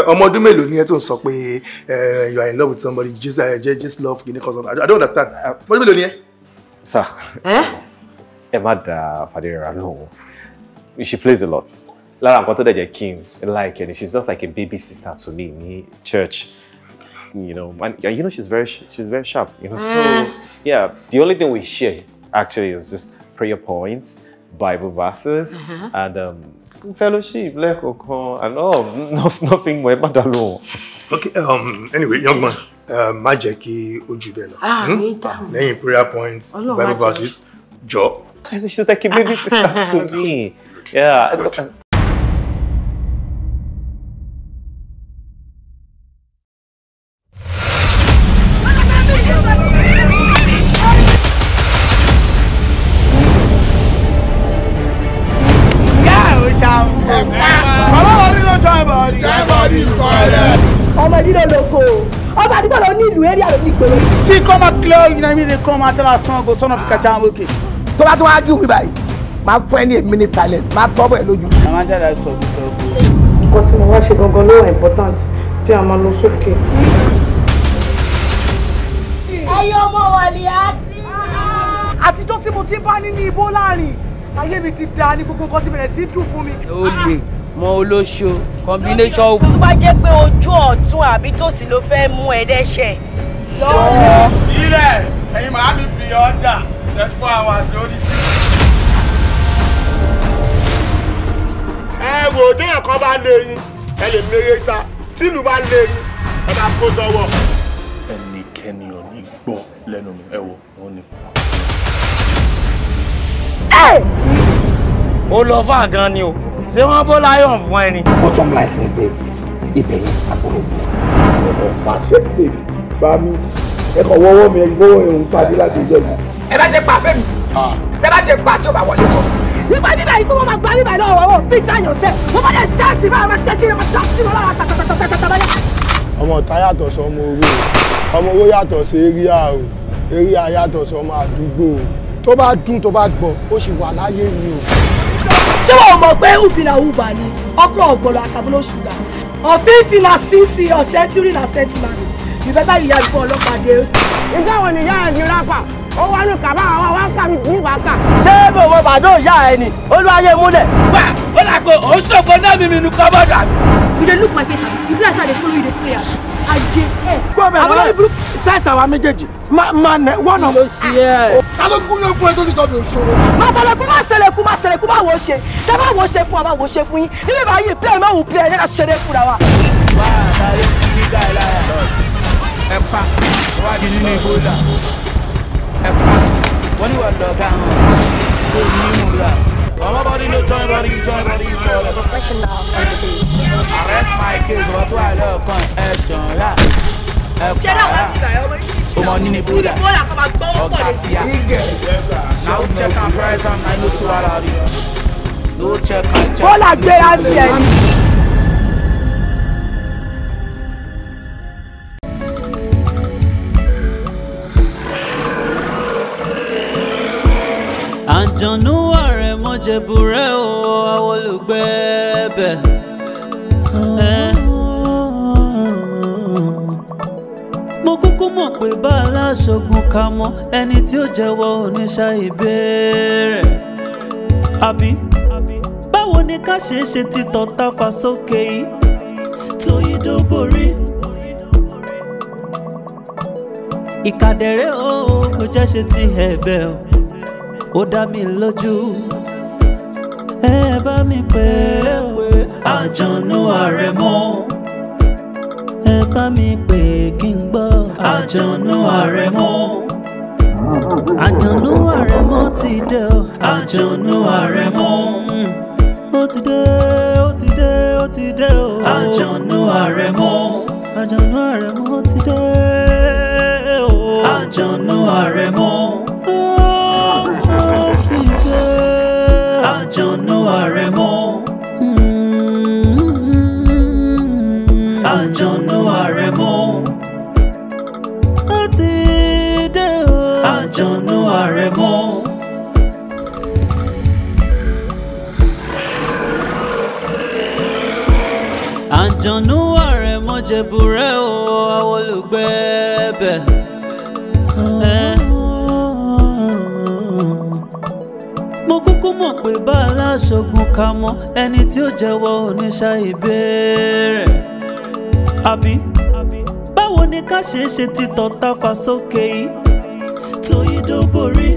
ọmọ ọdún mélòó
ni ẹ tó sọ pé you are in love with somebody just uh, just love kìíní kan i don't understand uh, ọmọ ọdún mélòó ni ẹ.
sir
ẹ má da fàdérà no. she plays a lot lára nǹkan tó dẹ̀ jẹ́ kí like and she's just like a baby sister to me ní church you know and you know she's very she's very sharp you know so mm. yeah the only thing we share actually is just prayer points bible verses mm-hmm. and um, fellowship
lẹ́ẹ̀kọ̀ọ̀kan and all nothing more ẹ má dá okay um, anyway young man um, má jẹ́ kí ojú bẹ́ẹ̀ lọ ah, hmm? lẹ́yìn prayer points bible verses job.
She's like this is up
to me. yeah.
o ọba àdúgbò lọ ní ìlú eré àlọ́ ní ìgboro. tí kò máa kílẹ̀ ọ̀yìn náà mi lè kọ́ máa tẹ́lá sàn kó sọ́nà fìkà sáà wókè. tó bá tó wá gí wí báyìí máa fún ẹ ní a minute silence máa tọ́ bọ̀ ẹ lójú. màmá jáde sọ fún sọ
fún. nǹkan tí mo wá ṣe gangan ló wà important tí a máa lọ sókè.
ẹyọ ọmọ wà ní àti. àtijọ́ tí mo ti bá nínú ibo láàrin ayé mi ti da ní gbogbo nǹkan ti bẹ̀rẹ̀ sí dùn fún mi. ó le mọ olóṣó combination of. tó bá jẹ́ pé ojú ọ̀tún àbí tòsí ló fẹ́ mú ẹ
dẹ́ṣẹ̀.
lọ́wọ́ ilẹ̀ ẹ̀yin màá mi bì ọ́dà twenty four hours lórí tí. ẹ
wò ó déyàn kan bá lé yín ẹ lè mèrè ta tìlù bá lé yín ẹ máa kó sọ́wọ́. ẹnikẹ́ni
ò ní gbọ́ lẹ́nu mi ẹ wò wọ́n ni.
ó lọ fún àgán ni o ṣé wọ́n bó láyọ̀ fún ẹ ni. bọ́tọ̀m láìsí pé ibẹ̀ yẹn àbúrò mi. pàṣẹ tèmi bá mi ẹ kàn wọ́wọ́ mi ẹ gbọ́wọ́ ìhun pàdé láti ìjọ yìí. ẹ bá ṣe mi tẹ bá ṣe pa tí mi nípa bíbá yìí kó wọ́n máa gba bíbá yìí lọ́wọ́
ọmọ ọ̀tá yàtọ̀ sí ọmọ owó ọmọ owó yàtọ̀ sí eríà o eríà yàtọ̀ sí ọmọ àdúgbò tó bá dún tó bá gbọ́ ó sì wà láyé ni o ṣé wọn mọ̀ pé ubìnà uba ni
ọkọ̀ ọ̀gbọ̀lọ̀ àtàbọ̀lọ̀ ṣùgbà ọ̀fíìfì na sísì ọ̀sẹ̀ túrì na sẹ́tìmánì ìbẹ́tà yìí yàgò fún ọlọ́pàá dé. ìjọ wo nìyá ẹ ní rápà ó wá ní kàmá àwọn wá ń kà mí ní ìbáka. ṣé bòbò bàdó ìyá ẹ ni olúwayé múlẹ̀. wá ó dà pé òun ṣòfò náà mímí nu kọ́bọ̀dà. you dey look my face you be like say i dey follow you dey play am ajé ẹ abọ́lá ibùdó sẹ́ẹ̀tì àwa méjèèjì máa nẹ wọ́nà. ló ṣe ẹ. ta ló gún yóò fún ẹ tó ní tọ́bi òṣòro. àbálẹ̀kùn máa ṣẹlẹ̀kùn máa ṣẹlẹ̀kùn máa wò ó ṣe ṣé máa wò ó ṣe fún wa máa wò ó ṣe fún yín níbi báyìí pílẹ̀ máa wù pílẹ̀ yẹn ká ṣeré fúnra wa. wà á sáré
nígbà ẹ̀ láyà ẹ pa wádìí nínú igbó dà ẹ pa wọ́n ní wọ́n lọ́ọ́ Ọmọ bọ́dí ló join bọ́dí join bọ́dí join. Professional Arrest my case, wọ́n tún àlọ́ kan ẹ̀ jọ̀ọ́ yá. Ẹ kọ́ check and price am, I no see what I No check and check.
àjẹbùrẹ́ o àwọn olùgbé bẹ̀. mo kúkú mọ̀ pé bá aláṣọgun ká mọ ẹni tí ó jẹ́wọ́ oníṣà ìbéèrè àbí báwo ni ká ṣe ṣe ti tọ̀ta fà sókè yìí tóyí dó borí. ìkàdẹ̀rẹ́ o kò jẹ́ ṣe ti ẹ̀bẹ̀ o ó dá mi lójú ẹ bá mi pè é wé àjọ̀nú àrẹ̀mọ. ẹ bá mi pè é kí n gbọ́ àjọ̀nú àrẹ̀mọ. àjọ̀nú àrẹ̀mọ ti dé o. àjọ̀nú àrẹ̀mọ. Mm. ó ti dé ó ti dé ó ti dé o. àjọ̀nú àrẹ̀mọ. àjọ̀nú àrẹ̀mọ ti dé o. àjọ̀nú àrẹ̀mọ. àrẹ̀mọ. àjọ̀nú àrẹ̀mọ. ó ti dé o. àjọ̀nú àrẹ̀mọ. àjọ̀nú àrẹ̀mọ jẹ̀bùrẹ́ o àwọn olùgbẹ́ bẹ̀. mo kúkú mọ̀ pé bá aláṣọgun ká mọ ẹni tí ó jẹ́wọ́ oníṣà ìbéèrè àbí báwo ni ká ṣe ṣe ti tọ̀ta fà sókè yìí Tóyìn Dóborí.